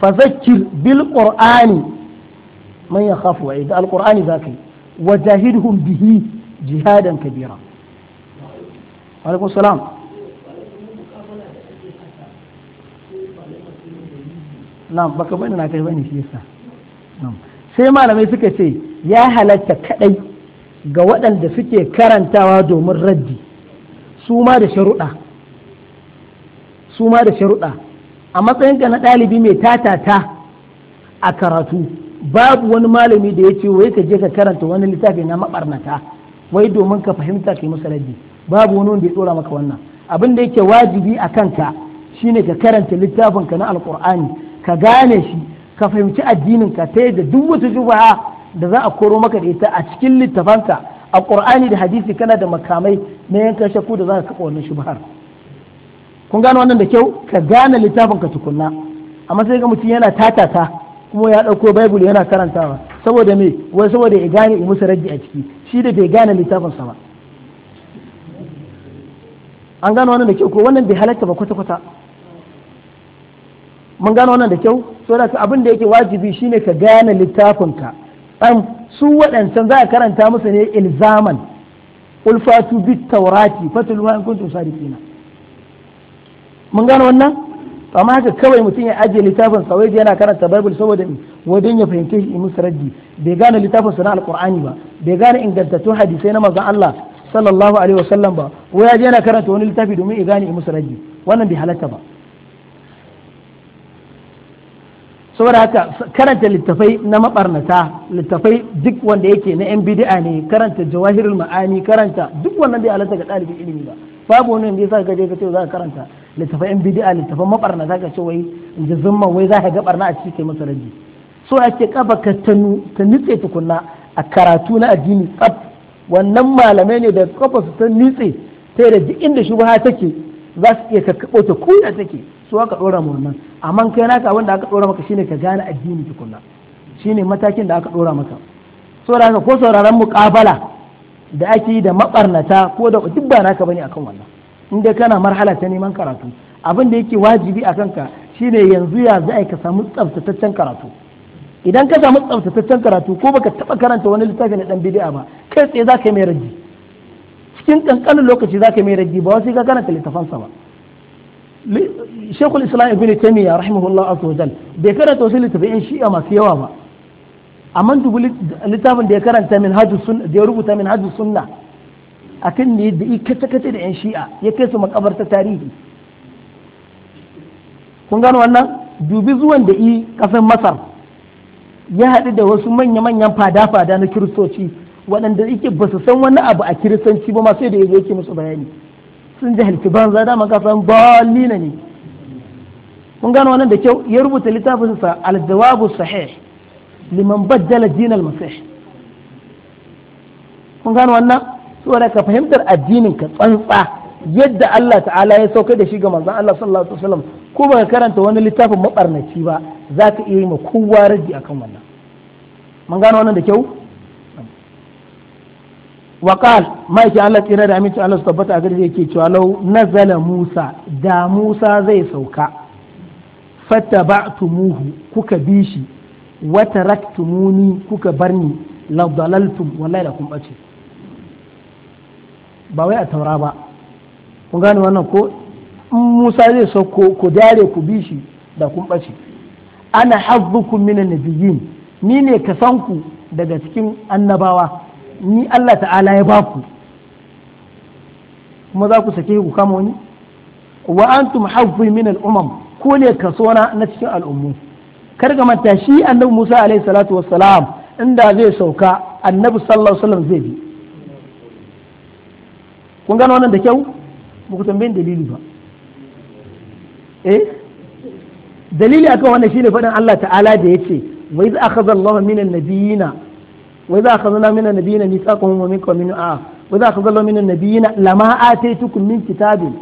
fazakir bil qur'ani man yakhafu wa'id alqur'ani zaka yi wajahidhum bihi jihadan kabira alaikum salam na'am baka bani na kai bane shi yasa sai malamai suka ce ya halatta kadai ga waɗanda suke karantawa domin raddi su ma da sharuɗa su ma da sharuɗa a matsayinka na ɗalibi mai tatata a karatu babu wani malami da ya ce wai ka je ka karanta wani littafi na maɓarnata wai domin ka fahimta ka yi masa raddi babu wani wanda ya tsora maka wannan abin da yake wajibi a kanka shine ka karanta littafin ka na alkur'ani ka gane shi ka fahimci addinin ka ta yadda duk wata jubaha da za a koro maka da ita a cikin littafanka a qur'ani da hadisi kana da makamai na yanka shakku da za ka kafa wannan shubhar kun gano wannan da kyau ka gane littafin ka tukunna amma sai ga mutum yana tatata kuma ya dauko bible yana karantawa saboda me wai saboda ya gane musu raddi a ciki shi da bai gane littafin sa ba an gano wannan da kyau ko wannan bai halatta ba kwata kwata mun gano wannan da kyau so da abin da yake wajibi shine ka gane littafinka am su waɗancan za a karanta musu ne ilzaman ulfatu bit taurati fatul wa in kuntum sadiqina mun gano wannan amma haka kawai mutum ya ajiye littafin tsawai yana karanta bible saboda wajen ya fahimce shi musu raddi bai gane littafin na alqur'ani ba bai gane ingantattun hadisai na manzon Allah sallallahu alaihi wasallam ba ko ya je yana karanta wani littafi domin ya gane musu raddi wannan bai halatta ba saboda haka karanta littafai na mabarnata littafai duk wanda yake na yan bidi'a ne karanta jawahirul ma'ani karanta duk wannan bai halatta ga ɗalibin ilimi ba babu wani wanda yasa kaje ka ce za ka karanta littafai yan bidi'a littafan mabarnata ka ce wai inda zumma wai za ka ga barna a cikin kai masa raji so ake kafa ka ta nitse tukunna a karatu na addini tsaf wannan malamai ne da kafa su ta nitse ta da duk inda shubha take za su iya kakkaɓo ta kuya take suwa ka ɗora mu wannan amma kai naka abin da aka ɗora maka shine ka gane addini tukunna shine matakin da aka ɗora maka saboda haka ko sauraron muƙabala da ake yi da mabarnata ko da duk ba naka bane akan wannan in dai kana marhala ta neman karatu abin da yake wajibi a kanka shine yanzu ya za ka samu tsaftataccen karatu idan ka samu tsaftataccen karatu ko baka taɓa karanta wani littafi na ɗan bid'a ba kai tsaye za ka yi mai raji cikin kankanin lokaci za ka yi mai raji ba wasu ka karanta littafansa ba shekul islam ibn taymiya rahimahullah azza wajal bai karanta wasu littafin shi'a masu yawa ba amma dubu littafin da ya karanta min hajjus sunna da ya rubuta min hajjus sunna akan ne da yi kace kace da yan shi'a ya kai su makabarta tarihi kun gano wannan dubi zuwan da yi kasan masar ya haɗu da wasu manya-manyan fada-fada na kiristoci waɗanda yake ba su san wani abu a kiristanci ba ma sai da yake musu bayani sun jahilci banza dama ka san balina ne Mun gano wannan da kyau ya rubuta littafin sa al-jawabu sahih liman baddala din al-masih Mun gano wannan saboda ka fahimtar addinin ka tsantsa yadda Allah ta'ala ya saukar da shi ga manzon Allah sallallahu alaihi wasallam ko ba karanta wani littafin mabarnaci ba zaka iya yi ma kowa raji akan wannan mun gano wannan da kyau وقال ما يكي الله تيرا دا أمين الله سبحانه وتعالى Musa لو نزل موسى دا موسى زي سوكا فاتبعتموه كوكا بيشي وتركتموني kuka barni لو ضللتم والله لكم أجي ba wai a taura ba kun gane wannan ko in Musa zai sauko ku dare ku bi shi da kun ɓace ana hazzukum minan nabiyyin ni ne ka san ku daga cikin annabawa ni Allah ta'ala ya ba ku kuma za ku sake ku kama wani wa antum haffi min al'umam ko ne kaso na na cikin al'ummu kar ga manta shi annabi Musa alaihi salatu wassalam inda zai sauka annabi sallallahu alaihi wasallam zai bi kun gano wannan da kyau ba ku tambayin dalili ba eh dalili akan wannan shine faɗin Allah ta'ala da yace wa iz akhadha Allahu min an-nabiyina wa zaa akhadna min an-nabiyina mithaqahum wa minkum min a wa idza akhadna min an-nabiyina lama ataytukum min kitabin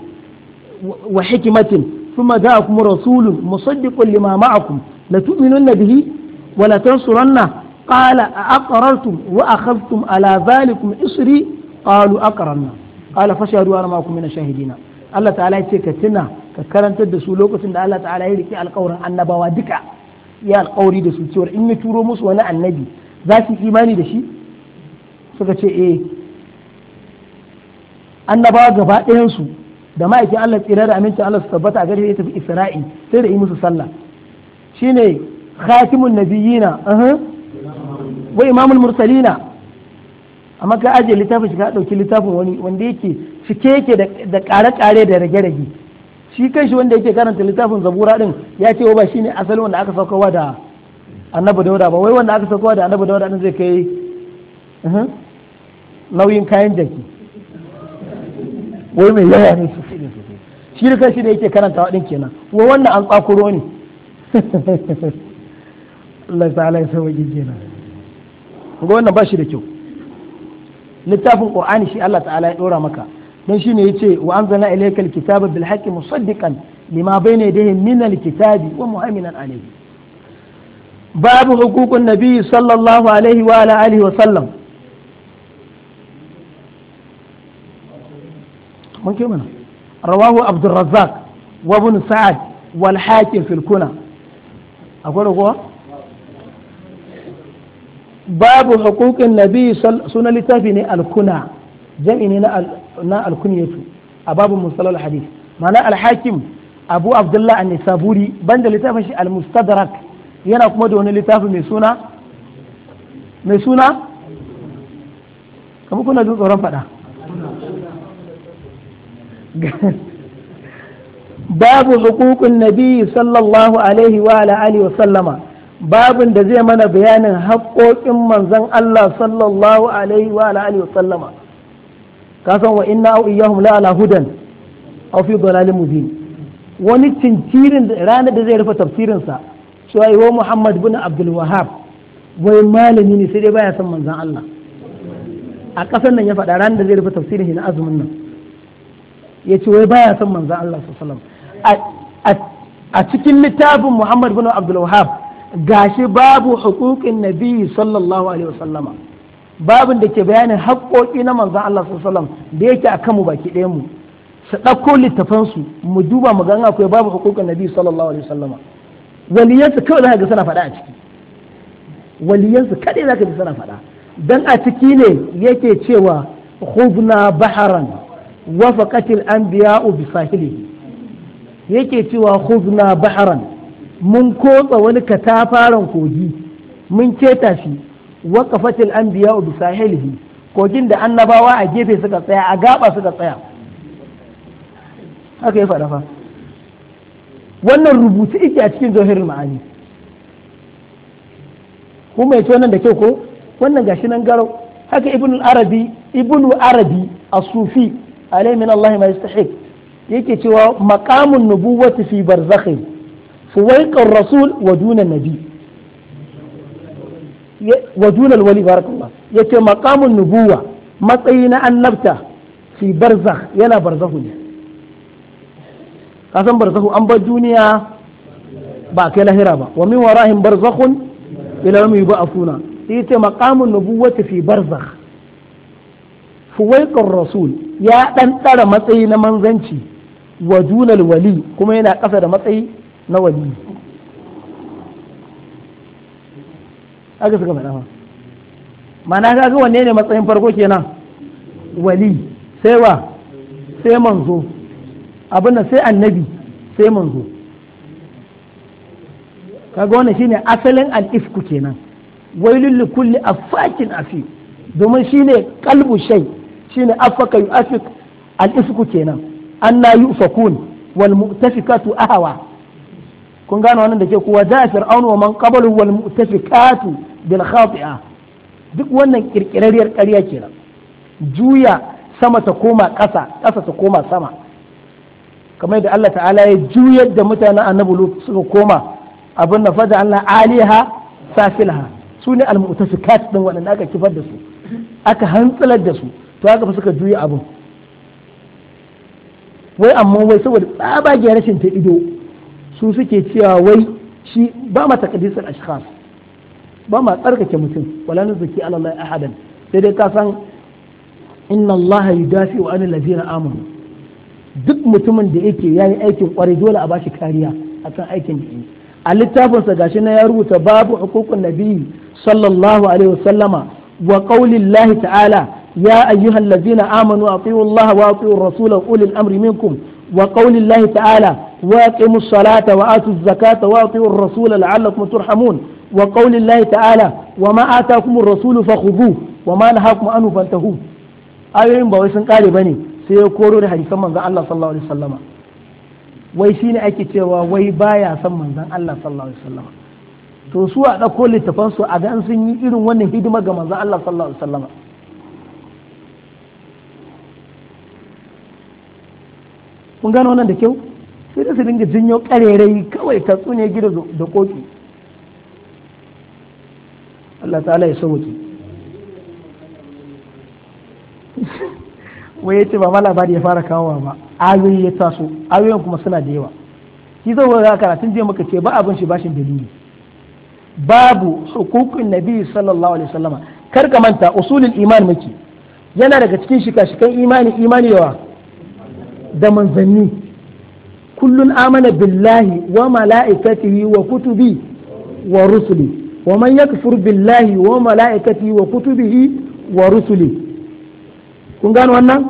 wa hikmatin thumma kuma rasulun musaddiqun lima ma'akum la tu'minunna bihi wa la tansurunna qala aqrartum wa akhadhtum ala dhalikum isri qalu aqrarna qala fashhadu ana ma'akum min ash-shahidina Allah ta'ala ya ce ka tuna ka karantar da su lokacin da Allah ta'ala ya rike alƙawarin annabawa duka ya alƙawari da su cewar in ya turo musu wani annabi za su imani da shi suka ce eh annabawa gaba ɗayansu da ma'aikin Allah tsira da amincin Allah su tabbata a garin ya tafi Isra'i sai da yi musu sallah shine khatimun nabiyina wa imamul mursalina amma ka ajiye littafin shi ka dauki littafin wani wanda yake cike yake da kare-kare da rage-rage shi shi wanda yake karanta littafin zabura din ya ce wa oh, ba shine asalin wanda aka saukarwa da annabi dauda ba wai wanda aka saukowa da annabi dauda din zai kai uh-huh, nauyin kayan jaki wai mai yaya ne shi da kashi da yake karantawa wadin kenan wa wannan an tsakuro ne Allah ta'ala sai wajin kenan ga wannan ba shi da kyau littafin qur'ani shi Allah ta'ala ya dora maka dan shine yace wa anzalna ilaykal kitaba bil haqqi musaddiqan lima bayna yadayhi min kitabi wa muhaiminan alayhi babu hukukun nabi sallallahu alaihi wa alihi wa sallam mun ke mana rawahu abdurrazzaq wa wal hakim fil babu hukukun nabi suna littafi ne babu musalal hadith ma'ana alhakim abu banda littafin al-mustadrak yana kuma da wani littafi mai suna mai suna kamar kuna jin tsoron faɗa babu hukukun nabi sallallahu alaihi wa alihi wa sallama babin da zai mana bayanin haƙoƙin manzon Allah sallallahu alaihi wa alihi wa sallama kasan wa inna au iyyahum la ala hudan aw fi dhalalin mubin wani cincirin ranar da zai rufe tafsirinsa cewa iwa Muhammad bin Abdul Wahab wai malami ne sai dai baya son manzan Allah a ƙasar nan ya faɗa ranar da zai rufe tafsirin na azumin nan ya ce wai baya son manzan Allah sallallahu a cikin littafin Muhammad bin Abdul Wahab gashi babu hukukin nabi sallallahu alaihi wasallama babin da ke bayanin haƙoƙi na manzan Allah sallallahu alaihi da yake a kanmu baki ɗaya mu su ɗauko littafansu mu duba mu ga akwai babu hukukin nabi sallallahu alaihi wasallama waliyansu kawai za ka ga suna faɗa a ciki waliyansu kaɗai za ka ji suna faɗa dan a ciki ne yake cewa khubna baharan wa faqatil anbiya'u bi sahilihi yake cewa khubna baharan mun kotsa wani katafaren kogi mun keta shi wa qafatil anbiya'u bi sahilihi kogin da annabawa a gefe suka tsaya a gaba suka tsaya haka ya faɗa fa wannan rubutu ike a cikin zohirin ma'ani kuma yace wannan da kyau ko wannan gashi nan garau haka ibn arabi asufi arabi as-sufi alayhi min Allah ma yastahiq yake cewa maqamun nubuwwati fi barzakhin fuwaiqar rasul wa nabi wa duna al-wali barakallah yace maqamun nubuwa matsayi na annabta fi barzakh yana barzakhu ne kasan san barzahu an bar duniya ba kai lahira ba wa min warahim barzakhun ila yawmi yub'athuna ita maqamun nubuwwati fi barzakh fuwaiqur rasul ya dan tsara matsayi na manzanci wa dunal wali kuma yana kasa da matsayi na wali mana ga ga wanne ne matsayin farko kenan wali sai wa sai manzo abin sai annabi sai manzo kaga wannan shine asalin al-ifku kenan wailul kulli afakin afi domin shine kalbu shay shine afaka yu'afik al-ifku kenan anna yufakun wal mu'tafikatu ahwa kun gano wannan da ke kuwa da fir'aun wa man qabalu wal mu'tafikatu bil khati'a duk wannan kirkirariyar ƙarya kenan juya sama ta koma ƙasa ƙasa ta koma sama kamar da Allah ta'ala ya juyar da mutanen annabi lut suka koma abin na fada Allah aliha Safilha su ne almutasikat din waɗanda aka kifar da su aka hantsalar da su to haka suka juya abin wai amma wai saboda tsabagen rashin ta ido su suke cewa wai shi ba ma takadisar ashkhas ba ma tsarkake mutum wala nuzaki ala Allah ahadan sai dai ka san inna Allah yudafi wa anil ladina amanu duk mutumin da yake ya yi aikin kwarai dole a bashi kariya akan aikin da a littafinsa gashi na ya rubuta babu hukukun nabi sallallahu alaihi wasallama wa qaulillahi ta'ala ya ayyuhal ladzina amanu atiu Allah wa atiu rasula ulil amri minkum wa qaulillahi ta'ala wa aqimus salata wa atuz zakata wa atiu rasula la'allakum turhamun wa qaulillahi ta'ala wa ma atakumur rasulu fakhudhu wa ma nahakum anhu fantahu ayoyin ba wai sun kare ne. sai ya koro da hadisan manzan Allah sallallahu alaihi wasallama wai shine ake cewa wai baya son manzan Allah sallallahu alaihi wasallama to su a dauko littafan su a ga sun yi irin wannan hidima ga manzan Allah sallallahu alaihi wasallama kun gano wannan da kyau sai da su dinga jinyo karerai kawai ta tsune gida da koki Allah ta'ala ya sauke wai yace ba mala ya fara kawowa ba ayoyi ya taso ayoyin kuma suna da yawa shi zai wani karatun je muka ce ba abin shi bashin dalili babu hukukun nabi sallallahu alaihi wasallama kar ka manta usulul iman muke yana daga cikin shi kashikan imani imani yawa da manzanni kullun amana billahi wa mala'ikatihi wa kutubi wa rusuli wa man yakfur billahi wa mala'ikatihi wa kutubihi wa rusuli kun gano wannan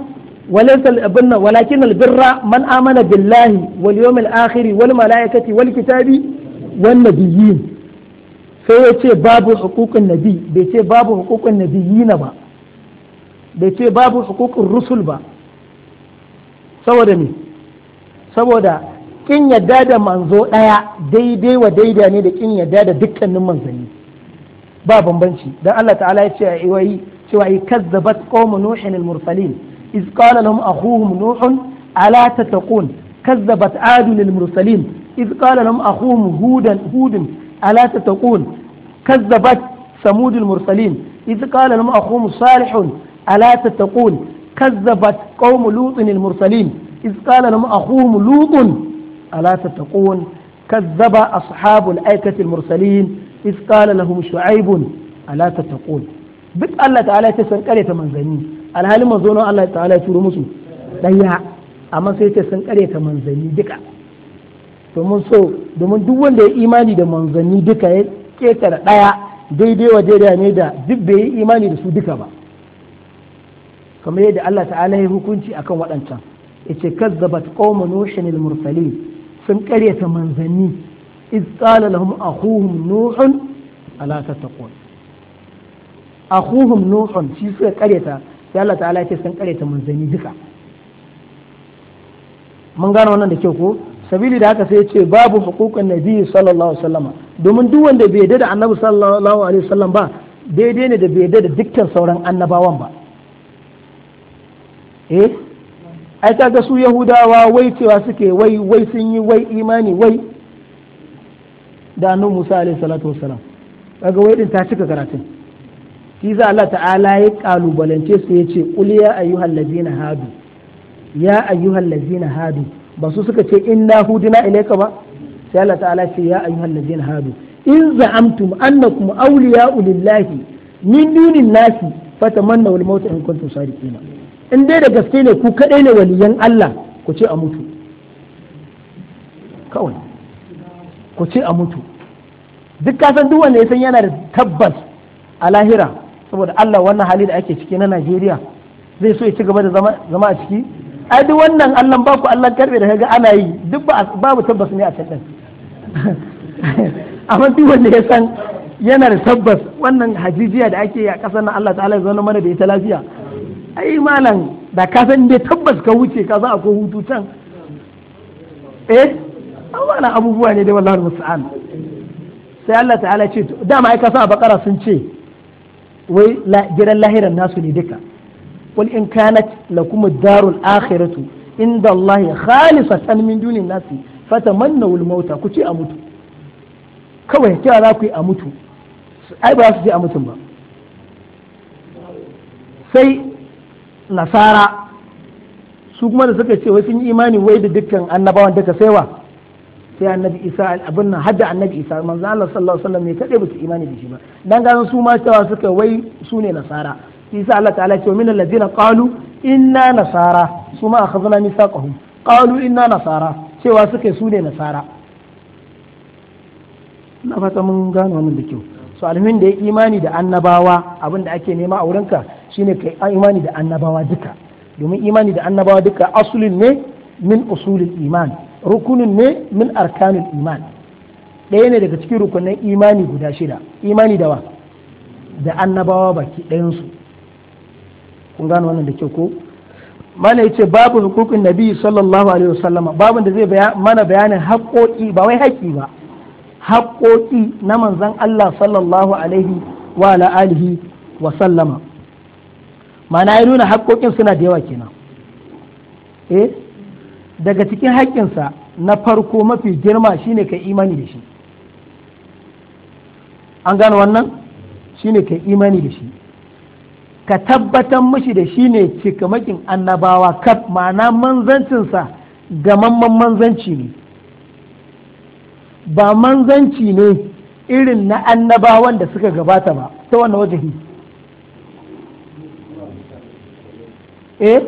walaysal abunna walakin albirra man amana billahi wal yawmil akhir wal malaikati wal kitabi wan nabiyyin sai yace ce babu hukukun nabi bai ce babu hukukun nabiyina ba bai ce babu hukukun rusul ba saboda me saboda kin yadda da manzo ɗaya daidai wa ne da ƙin yadda da dukkanin manzani ba bambanci dan Allah ta'ala ya ce a iwayi شوي كذبت قوم نوح المرسلين إذ قال لهم أخوهم نوح ألا تتقون كذبت عاد المرسلين إذ قال لهم أخوهم هودا هود ألا تتقون كذبت ثمود المرسلين إذ قال لهم أخوهم صالح ألا تتقون كذبت قوم لوط المرسلين إذ قال لهم أخوهم لوط ألا تتقون كذب أصحاب الأيكة المرسلين إذ قال لهم شعيب ألا تتقون duk Allah ta'ala ya sun kare ta manzanni alhalin manzo Allah ta'ala ya turo musu daya amma sai ta sun kare ta manzanni duka domin so domin duk wanda ya imani da manzanni duka ya ketara daya daidai wa daidai ne da duk bai yi imani da su duka ba kamar yadda Allah ta'ala ya hukunci akan waɗancan yace kazzabat qaumun nushin al-mursalin sun karyata manzanni iz qala lahum akhuhum nuhun ala tattaqun akhuhum nuhun shi suka kareta sai Allah ta'ala ya ce sun kareta zani duka mun gano wannan da kyau ko sabili da haka sai ya ce babu huquqan nabi sallallahu alaihi wasallam domin duk wanda bai yarda da annabi sallallahu alaihi wasallam ba daidai ne da bai yarda da dukkan sauran annabawan ba eh ai kaga su yahudawa wai cewa suke wai wai sun yi wai imani wai da annabi Musa alaihi salatu wasallam kaga wai din ta cika karatun shi za Allah ta'ala ya kalubalance su ya ce qul ya ayyuhal ladina hadu ya ayyuhal ladina hadu ba su suka ce inna hudina ilayka ba sai Allah ta'ala ce ya ayyuhal ladina hadu in za'amtum annakum awliya'u lillahi min dunin nasi fatamannaw al-maut in kuntum sadiqina in dai da gaske ne ku kadai ne waliyan Allah ku ce a mutu kawai ku ce a mutu duk kasan duk wanda ya san yana da tabbas a lahira saboda Allah wannan hali da ake ciki na Najeriya zai so ya ci gaba da zama a ciki ai duk wannan Allah ba ku Allah karbe da kaga ana yi duk babu tabbas ne a can din amma duk wanda ya san yana da tabbas wannan hajijiya da ake yi a ƙasar nan Allah ta'ala ya zauna mana da ita lafiya ai malam da ka san dai tabbas ka wuce ka za a ko hutu can eh wannan abubuwa ne da wallahi musta'an sai Allah ta'ala ce dama ai ka san a bakara sun ce wai gidan lahiran nasu ne duka qul in kanat lakum ad-darul akhiratu inda Allah khalisatan min duni nasi fatamannawul al-mauta ku ce a mutu kawai kira za ku yi a mutu ai ba su je a mutum ba sai nasara su kuma da suka ce wai sun yi imani wai da dukkan annabawan duka sai wa sai annabi isa abin nan hadda annabi isa manzo Allah sallallahu alaihi wasallam ne kadai ba su imani da shi ba dan ganin su ma cewa suka wai su ne nasara isa Allah ta'ala ce min allazina qalu inna nasara su ma akhadna misaqahum qalu inna nasara cewa suka su ne nasara na fata mun gano wannan da kyau so alhimin da ya imani da annabawa abin da ake nema a wurinka shine kai imani da annabawa duka domin imani da annabawa duka asulin ne min usulul iman rukunin ne min arkanul iman ɗaya ne daga cikin rukunin imani guda shida imani da da annabawa baki ɗayansu kun gano wannan da kyau ko mana ya ce babu hukukun nabi sallallahu alaihi wasallama babu da zai mana bayanin haƙoƙi ba wai haƙi ba haƙoƙi na manzan Allah sallallahu alaihi wa ala alihi wa sallama mana ya nuna haƙoƙin suna da yawa kenan eh daga cikin haƙƙinsa na farko mafi girma shine ka imani da shi an gane wannan shine ka imani da shi ka tabbatar mashi da shi ne cikamakin annabawa kaf ma'ana manzancinsa gamamman manzanci ne ba manzanci ne irin na annabawan da suka gabata ba ta wannan wajahi eh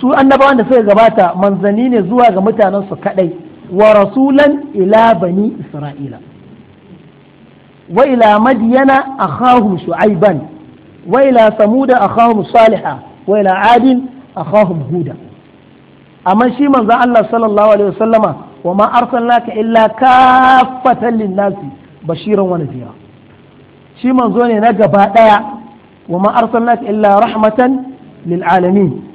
su annabawan da suka gabata manzanni ne zuwa ga mutanensu kadai wa rasulan ila bani isra'ila wa ila madiyana akhahum shu'aiban wa ila samuda akhahum saliha wa ila adin kahun huda amma shi manzon Allah sallallahu alaihi wasallama wa ma arsalnaka illa kafatan lin-nasi bashiran wa nadhira shi manzo ne na gaba daya wa ma arsalnaka illa rahmatan lil alamin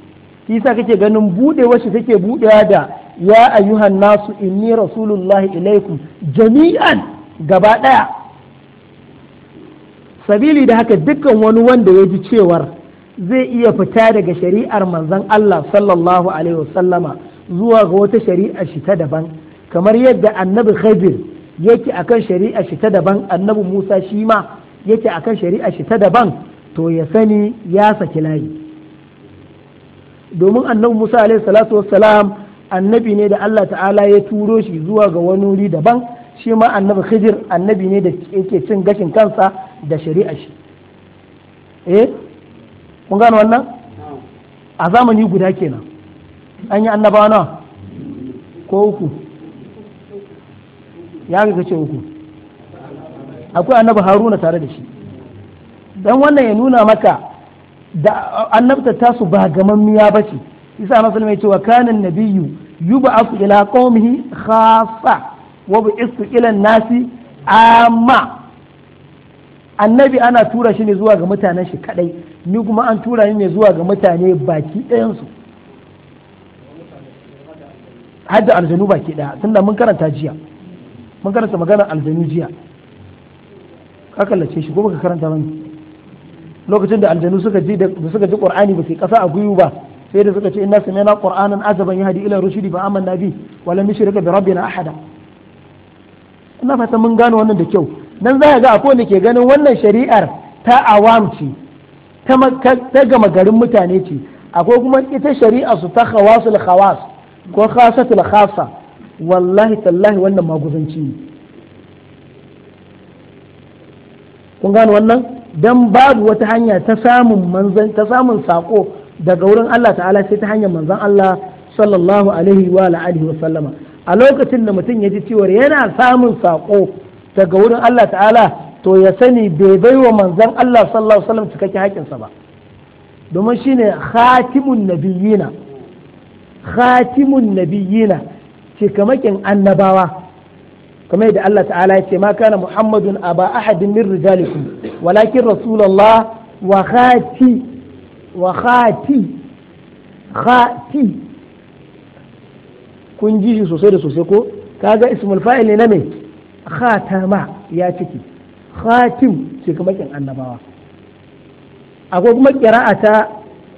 shi yasa kake ganin bude shi take budewa da ya ayyuhan nasu inni rasulullahi ilaikum jami'an gaba daya sabili da haka dukkan wani wanda ya ji cewar zai iya fita daga shari'ar manzon Allah sallallahu alaihi wasallama zuwa ga wata shari'a shi ta daban kamar yadda annabi khadir yake akan shari'a shi ta daban annabi Musa shi ma yake akan shari'a shi ta daban to ya sani ya saki layi domin annabi Musa alaihi salatu wassalam annabi ne da Allah ta'ala ya turo shi zuwa ga wani wuri daban shi ma annabi Khidir annabi ne da yake cin gashin kansa da shari'a shi eh kun gano wannan a zamani guda kenan an yi annabawa nawa ko uku ya ga ce uku akwai annabi Haruna tare da shi dan wannan ya nuna maka da annabta tasu ba gamammiya ba ce isa na salmai cewa kanan nabiyyu asu ila qaumihi khassa wa isu ila nasi amma annabi ana tura shi ne zuwa ga mutanen shi kadai ni kuma an tura ni ne zuwa ga mutane baki ɗayan su hadda aljanu baki ɗaya tunda mun karanta jiya mun karanta maganar aljanu jiya ka kallace shi ko baka karanta mani. lokacin da aljanu suka ji da suka ji qur'ani ba su kasa a guyu ba sai da suka ce inna sami'na qur'anan ajaban yahdi ila rushdi fa amanna bi wa lam bi rabbina ahada ina fata mun gano wannan da kyau nan za ga akwai wanda ke ganin wannan shari'ar ta awam ce ta gama garin mutane ce akwai kuma ita shari'a su ta khawasul khawas ko khasatul khasa wallahi tallahi wannan maguzanci ne kun gane wannan dan babu wata hanya ta samun manzan ta samun sako daga wurin Allah ta'ala sai ta hanyar manzan Allah sallallahu alaihi wa alihi wa sallama a lokacin da mutum ya ji cewa yana samun sako daga wurin Allah ta'ala to ya sani bai baiwa manzan Allah sallallahu alaihi wa sallam cikakken sa ba domin shine khatimun nabiyina khatimun nabiyina cikamakin annabawa kamar yadda Allah ta'ala ya ce ma kana muhammadun aba ahadin min rijalikum walakin rasulullah wa khati wa khati khati kun ji shi sosai da sosai ko kaga ismul fa'il ne na me khatama ya ciki khatim ce kamar kin annabawa akwai kuma qira'a ta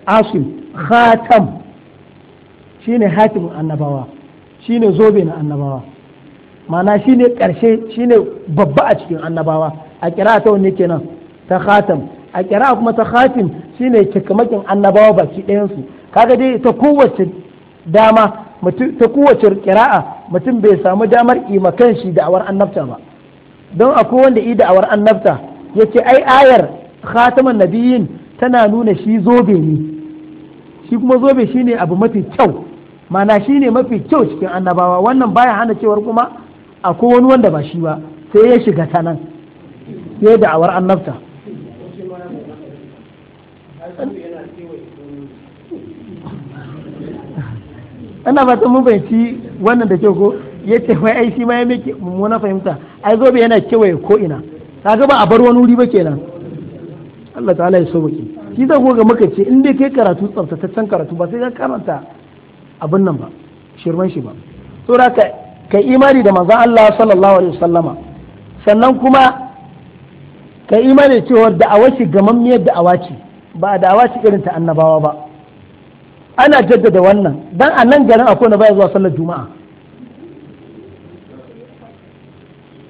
asim khatam shine hatimin annabawa shine zobe na annabawa ne shine karshe shine babba a cikin annabawa a kira ta wani kenan ta khatam a kira kuma ta khatim shine cikamakin annabawa baki ɗayan su kaga dai ta kowace dama ta kowace kira'a mutum bai samu damar imakan shi da'awar annabta ba don akwai wanda yi da'awar annabta yace ai ayar khataman nabiyyin tana nuna shi zobe ne shi kuma zobe shine abu mafi kyau mana shine mafi kyau cikin annabawa wannan baya hana cewar kuma akwai wani wanda ba shi ba sai ya shiga ta nan ya yi da'awar annabta ana fatan mun fahimci wannan da ke ko ya ce wai ai shi ma ya miki mummuna fahimta ai zobe yana kewaye ko ina kaga ba a bar wani wuri ba kenan Allah ta'ala ya so baki shi zan goga maka ce in dai kai karatu tsaftataccen karatu ba sai ka karanta abin nan ba shirman shi ba saboda ka imani da manzan Allah sallallahu alaihi wasallama sannan kuma ka imani cewa wasu gaman miyar da a ba da a irin ta annabawa ba ana jaddada wannan dan a nan garin akwai na baya zuwa sallar juma'a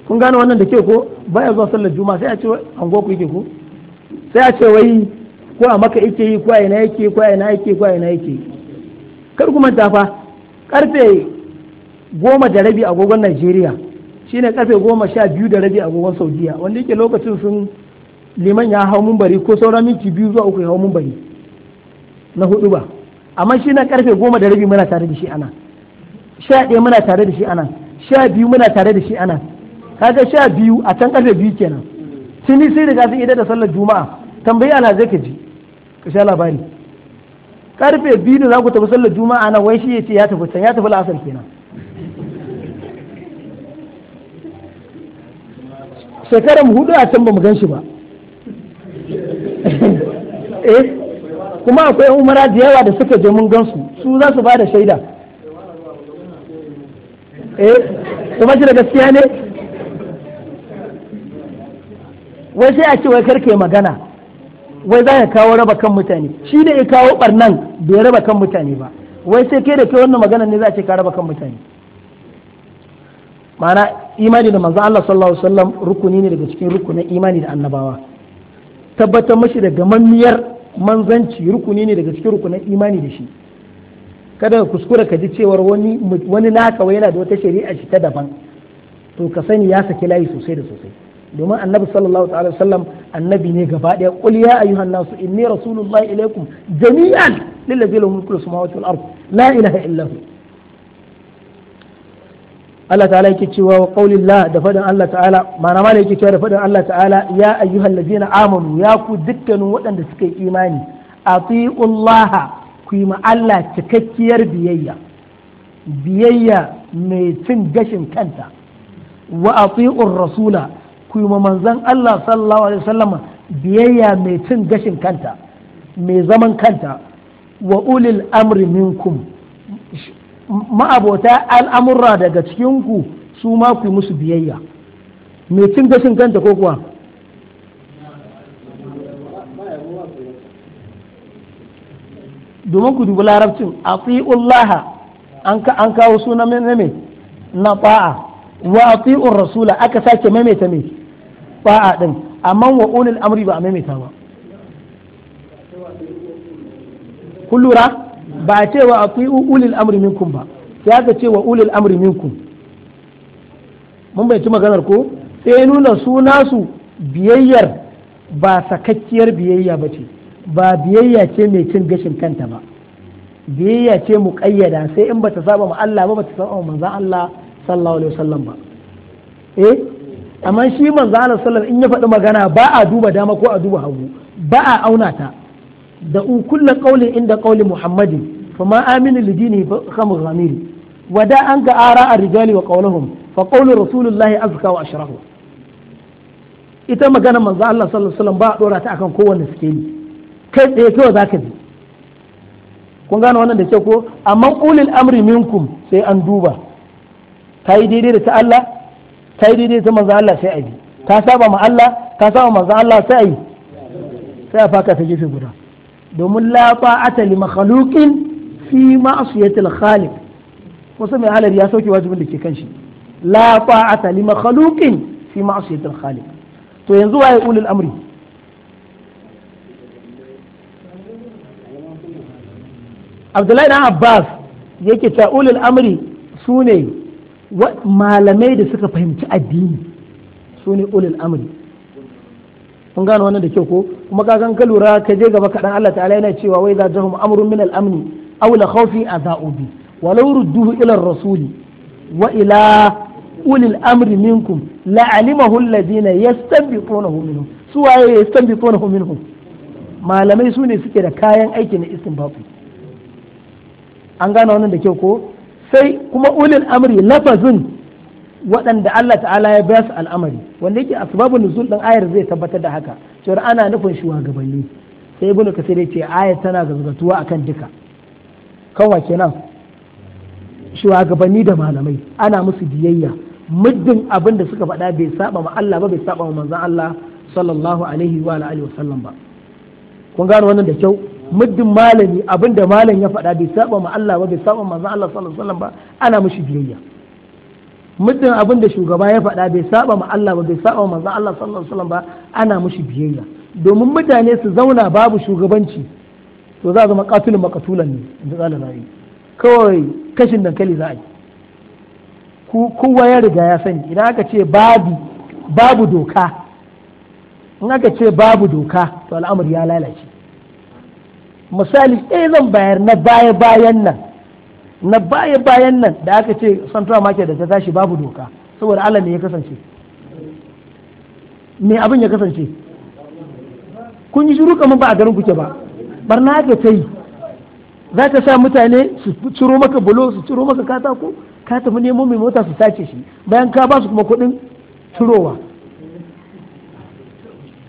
kun gane wannan da ke ko baya zuwa sallar juma'a sai a ce an ku yake ko sai a ce wai ko a maka yake yi ko a ina yake ko a ina yake ko a ina yake kar ku manta fa karfe goma da rabi agogon Najeriya ne karfe goma sha biyu da rabi agogon Saudiya wanda yake lokacin sun liman ya hau bari ko sauran minti biyu zuwa uku ya hau bari na hudu ba amma shi na karfe goma da rabi muna tare da shi ana sha ɗaya muna tare da shi ana sha biyu muna tare da shi ana kaga sha biyu a can karfe biyu kenan yi sai riga sun idar da sallar juma'a tambayi ana zai ka ji ka sha labari karfe biyu da za ku tafi sallar juma'a na wai shi ya ce ya tafi can ya tafi la'asar kenan shekarar hudu a can ba mu gan shi ba eh kuma akwai umara da yawa da suka je mun gan su za su ba da shaida eh kuma shi da gaskiya ne wai sai a ce wai karke magana wai za ka kawo raba kan mutane shi ne ya kawo barnan bai raba kan mutane ba wai sai ke da ke wannan magana ne za a ce ka raba kan mutane ma'ana imani da manzo Allah sallallahu alaihi wasallam rukuni ne daga cikin rukunin imani da annabawa tabbatar mashi da gamammiyar manzanci rukuni ne daga cikin rukunin imani da shi kada ka kuskura ka ji cewar wani wani naka yana da wata shari'a shi ta daban to ka sani ya saki layi sosai da sosai domin annabi sallallahu wasallam annabi ne gaba daya qul ya ayyuhan nasu inni rasulullahi ilaikum jami'an lillazi lahu mulku samawati wal ard la ilaha illa huwa Allah ta'ala yake cewa wa qaulillah da fadin Allah ta'ala ma'ana ma yake cewa da fadin Allah ta'ala ya ayyuhal amanu ya ku dukkanin waɗanda suka yi imani atiullaha ku yi ma Allah cikakkiyar biyayya biyayya mai cin gashin kanta wa atiur rasula ku yi manzon Allah sallallahu alaihi wasallam biyayya mai cin gashin kanta mai zaman kanta wa ulil amri minkum ma'abota al'amurra daga cikinku su ma ku musu biyayya mai cin gashin kanta ko kuwa domin ku dubi larabcin ati'ullaha an kawo suna mai na ba'a wa ati'ur rasula aka sake maimaita mai ba'a ɗin? amma wa ulil amri ba a maimaita ba kullura lura ba a cewa akwai ulil amri minkum ba ya ga cewa ulil amri minkum mun bai ci maganar ko sai nuna suna su biyayyar ba sakakkiyar biyayya ba ce ba biyayya ce mai cin gashin kanta ba biyayya ce mu kayyada sai in bata saba ma Allah ba bata saba ma manzon Allah sallallahu alaihi wasallam ba eh amma shi manzon Allah sallallahu alaihi wasallam in ya faɗi magana ba a duba dama ko a duba hagu ba a auna ta da u kulla inda ƙaunin muhammadin fama aminu lidini kamar ghamiri wada an ga ara a rijali wa qawluhum fa qawlu rasulullahi azka wa ashrahu ita magana manzo Allah sallallahu alaihi wasallam ba a dora ta akan kowanne sikeli kai tsaye za zaka bi kun gane wannan da ke ko amma ulil amri minkum sai an duba ta yi daidai da ta Allah ta yi daidai da manzo Allah sai a bi ta saba ma Allah ta saba manzo Allah sai a yi sai a faka ta gefe guda domin la ta'ata li makhluqin fi ma'siyatil khaliq kusa mai halar ya sauke wajibin da ke kan shi la ta'ata li makhluqin fi ma'siyatil khaliq to yanzu waye ulul amri Abdullahi dan Abbas yake ta ulul amri sune malamai da suka fahimci addini sune ulul amri kun gano wannan da ke ko kuma ka ka lura ka je gaba kaɗan Allah ta'ala yana cewa wai za jahum amrun min al-amni aw la khawfi adha'u bi law rudduhu ila ar-rasuli wa ila ulil amri minkum alimahu alladhina yastanbitunahu minhum su waye yastanbitunahu minhum malamai su ne suke da kayan aiki na istinbatu an gano wannan da kyau ko sai kuma ulil amri lafazin waɗanda Allah ta'ala ya ba su al'amari wanda yake asbabun nuzul din ayar zai tabbatar da haka cewa ana nufin shugabanni sai ibnu kasir ya ce ayar tana gazgatuwa akan duka wa kenan shugabanni da malamai ana musu biyayya muddin abin da suka faɗa bai saba ma Allah ba bai saba ma manzon Allah sallallahu alaihi wa alihi wa sallam ba kun gano wannan da kyau muddin malami abin da malam ya faɗa bai saba ma Allah ba bai saba ma manzon Allah sallallahu alaihi wa sallam ba ana mushi biyayya muddin abin da shugaba ya faɗa bai saba ma Allah ba bai saba ma Allah sallallahu alaihi ba ana mushi biyayya domin mutane su zauna babu shugabanci to za a zama katulun makatulan ne in ji zalala kawai kashin dankali za a yi kowa ya riga ya sani idan aka ce babu babu doka in aka ce babu doka to al'amari ya lalace misali eh zan bayar na baya bayan nan na baya bayan nan da aka ce central market da ta tashi babu doka saboda Allah ne ya kasance me abin ya kasance kun yi shiru kamar ba a garin kuke ba barna haka ta yi za ka sa mutane su ciro maka bulo su ciro maka katako ka tafi nemo mai mota su sace shi bayan ka ba su kuma kuɗin cirowa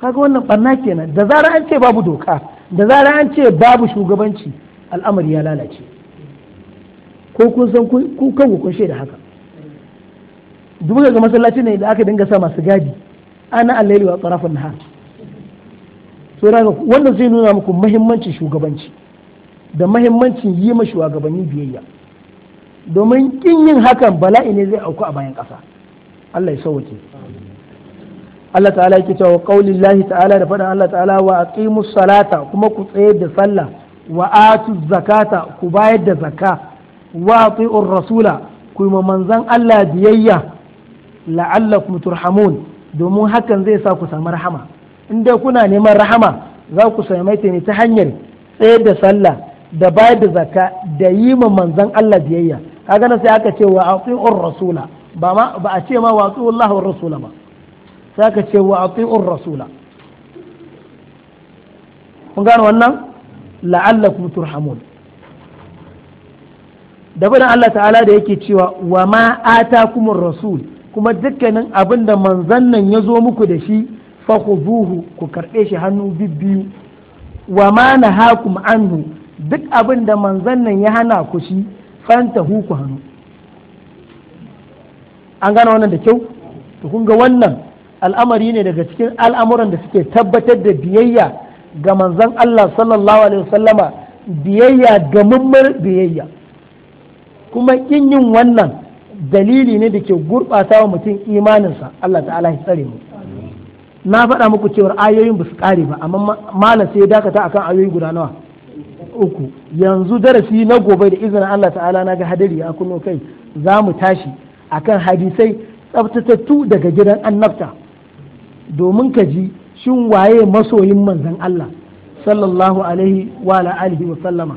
kaga wannan barna kenan da zarar an ce babu doka da zarar an ce babu shugabanci al'amari ya lalace ko kun san ku kanku kun shaida haka duk ga masallaci ne da aka dinga sa masu gadi ana allaili wa tsarafin nahar so daga wannan zai nuna muku mahimmancin shugabanci da mahimmancin yi ma shugabanni biyayya domin kin yin hakan bala'i ne zai auku a bayan ƙasa Allah ya sauke Allah ta'ala yake cewa qaulin lahi ta'ala da faɗan Allah ta'ala wa aqimus salata kuma ku tsayar da sallah wa atuz zakata ku bayar da zakka wa ati'ur rasula ku wa manzan Allah biyayya la'allakum turhamun domin hakan zai sa ku samu rahama in dai kuna neman rahama za ku same ta ta hanyar tsayar da sallah da bayar da zakka da yi ma manzan ala biyayya kaga na sai aka ce wa ati'ur rasula ba ce ma wa ati'ur Allah rasula ba sai aka ce wa ati'ur rasula kun gano wannan la'allakum turhamun da faɗin Allah ta'ala da yake cewa wa ma atakumur rasul kuma dukkanin abin da manzon nan ya zo muku da shi fa khuzuhu ku karɓe shi hannu bibbiyu wa ma nahakum anhu duk abin da manzon nan ya hana ku shi fanta ku hannu an gane wannan da kyau to kun ga wannan al'amari ne daga cikin al'amuran da suke tabbatar da biyayya ga manzon Allah sallallahu alaihi wasallama biyayya ga mummur biyayya kuma kin yin wannan dalili ne da ke gurɓata wa mutum imaninsa Allah ta'ala ya tsare mu na faɗa muku cewar ayoyin ba su ƙare ba amma malam sai ya dakata akan ayoyi guda nawa uku yanzu darasi na gobe da izinin Allah ta'ala na ga hadari ya kuno kai za mu tashi akan hadisai tsaftatattu daga gidan annabta domin ka ji shin waye masoyin manzon Allah sallallahu alaihi wa alihi wa sallama